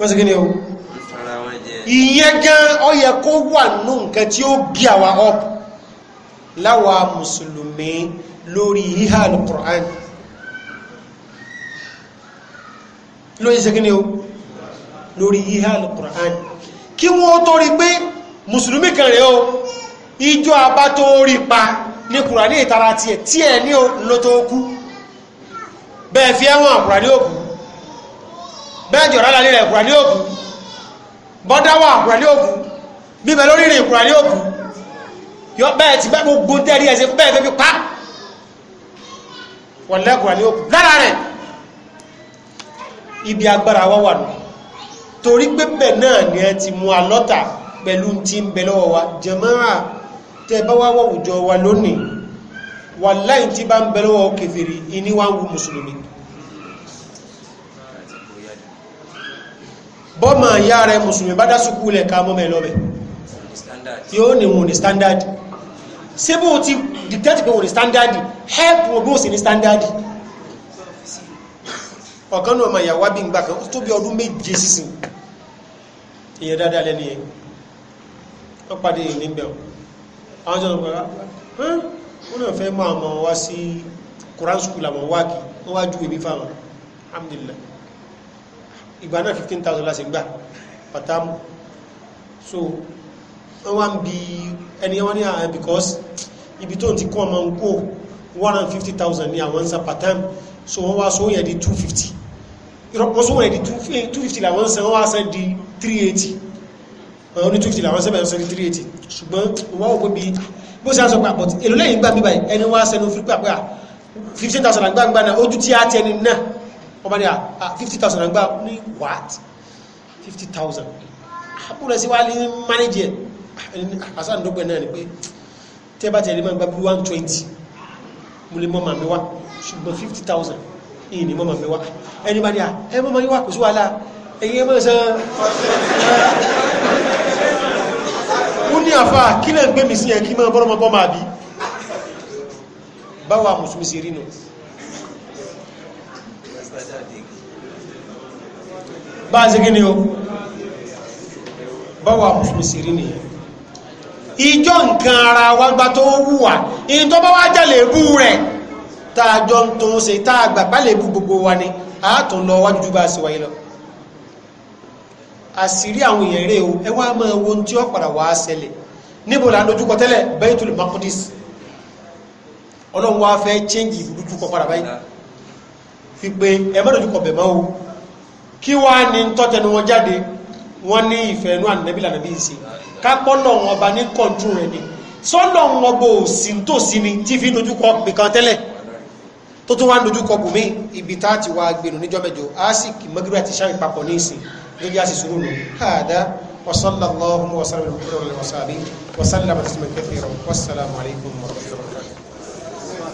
wọ́n sì kí ni o ìyẹn gan ó yẹ kó wà nù nǹkan tí ó gí àwa up láwa mùsùlùmí lórí híhà alukur'an lórí sí kí ni o lórí híhà alukur'an kí wọ́n tó rí pé mùsùlùmí kan rẹ̀ o ìjọ àbá tó rí pa ní kùrà ní ìtara tí ẹ̀ ní ló tó bẹ́ẹ̀ fi ẹ̀wọ̀n àkùrà ní òkú bẹ́ẹ̀ jọ̀rọ̀ alálẹ́ rẹ̀ ìkùrà ní òkú bọ́dáwà ìkùrà ní òkú bíbẹ̀ lórí rìn ìkùrà ní òkú yọ bẹ́ẹ̀ ti bẹ́ẹ̀ gbogbo tẹ́rí ẹ̀sẹ̀ bẹ́ẹ̀ fẹ́ fi pa wọ́n òkú lára rẹ̀ ibi agbára wa wà nù ni ẹ ti mú alọ́ta pẹ̀lú ti ń bẹ lọ́wọ́ wa jẹ̀mọ́ra tẹ́ wa lónìí wà láì bọ́mọ̀ ìyá rẹ̀ mùsùlùmí bá dá sùkú lẹ̀ ká mọ́mọ̀ ẹlọ́bẹ̀ tí ó ní wọn ní standard ṣé bó ti dictate pé wọn ní standard help wọn bó sì ní standard ọ̀kan náà ma ìyàwó bí n gbà kan tó bí ọdún méje sísìn ìyẹn dáadáa lẹ́ni yẹn wọ́n pàdé yìí níbẹ̀ àwọn jọ nípa wọn náà fẹ́ mọ́ àwọn ọmọ wa sí Quran school àwọn wáàkì wọ́n wá ju èmi fáwọn alhamdulillah ìgbà náà 15,000 láti gbà pàtàmù so wọ́n wá ń bi ẹni wọ́n ní àwọn ah, because ibi tó ti kọ́ ọmọ ń kó 150,000 ní àwọn ń sa pàtàmù so wọ́n wá sóyẹ̀ di 250 wọ́n sóyẹ̀ di 250 làwọn ń san wọ́n wá san di 380 wọ́n ní 250 làwọn sẹ́bẹ̀ san di 380 ṣùgbọ́n wọ́n wọ́n pẹ́ bí bó ṣe á sọ pé àpọ̀ ah, èlò lẹ́yìn gbà mí báyìí ẹni wọ́n á sẹ́nu fún pàpẹ́ à 15,000 gbàgbà náà ojú tí á tẹni náà wọ́n bá ní à 50,000 gbá ní what 50,000 àpúrẹ́ ah, sí wá ní manager. ẹ̀ ah, àsánàdọ́gbẹ̀ náà ni pé tẹ́ bá tẹ̀lé máa gbá bí 120 mo lè mọ́mà wá ṣùgbọ́n 50,000 ìyìn ni mọ́mà mi wá ẹni bá ní à ah, ẹ mọ́mà yíwá kò sí wà láà ẹ̀yìn ẹmọ́ ìsan eh, ó ní àfà kílẹ̀ ń gbé mi sí ẹ̀ kí mọ́ bọ́rọ̀mọ́ bọ́ máa bí báwa mùsùlùmí sí bá ń ṣe kí ni o báwa mùsùlùmí sì rí nìyẹn ìjọ nǹkan ara wa gba tó wù wá ìyìn tó bá wá jàlè bú rẹ̀ tá a jọ ń tó ń ṣe tá a gbà bá lè bú gbogbo wa ni a lọ wájú ju bá a ṣe wáyé lọ àṣírí àwọn èèyàn rèé o ẹ wá máa wo tí ó padà wá ṣẹlẹ̀ níbo là ń dojúkọ tẹ́lẹ̀ Baitul Maqdis ọlọ́run wá fẹ́ change ìdojúkọ padà báyìí fi pé ẹ má dojúkọ bẹ̀ máa o kí wá ní tọ́tẹnu wọn jáde wọ́n ní ìfẹ̀ẹ́nú ànàbí lànàbí ìsìn kápọ́lọ̀ wọn ní kọjú rẹ̀ ni sọ́lọ̀ wọn bò sí tòsí ni tí fi dojúkọ nìkan tẹ́lẹ̀ tó tún wá dojúkọ bùnmí ibi tá a ti wá gbèrò níjọ́ mẹ́jọ á sì kí mọ́gírà ti ṣáà ìpapọ̀ ní ìsìn gẹ́gẹ́ àti sùúrù nù hàdá wasallallahu wasallam wasallam wasallam wasallam wasallam wasallam wasallam wasallam wasallam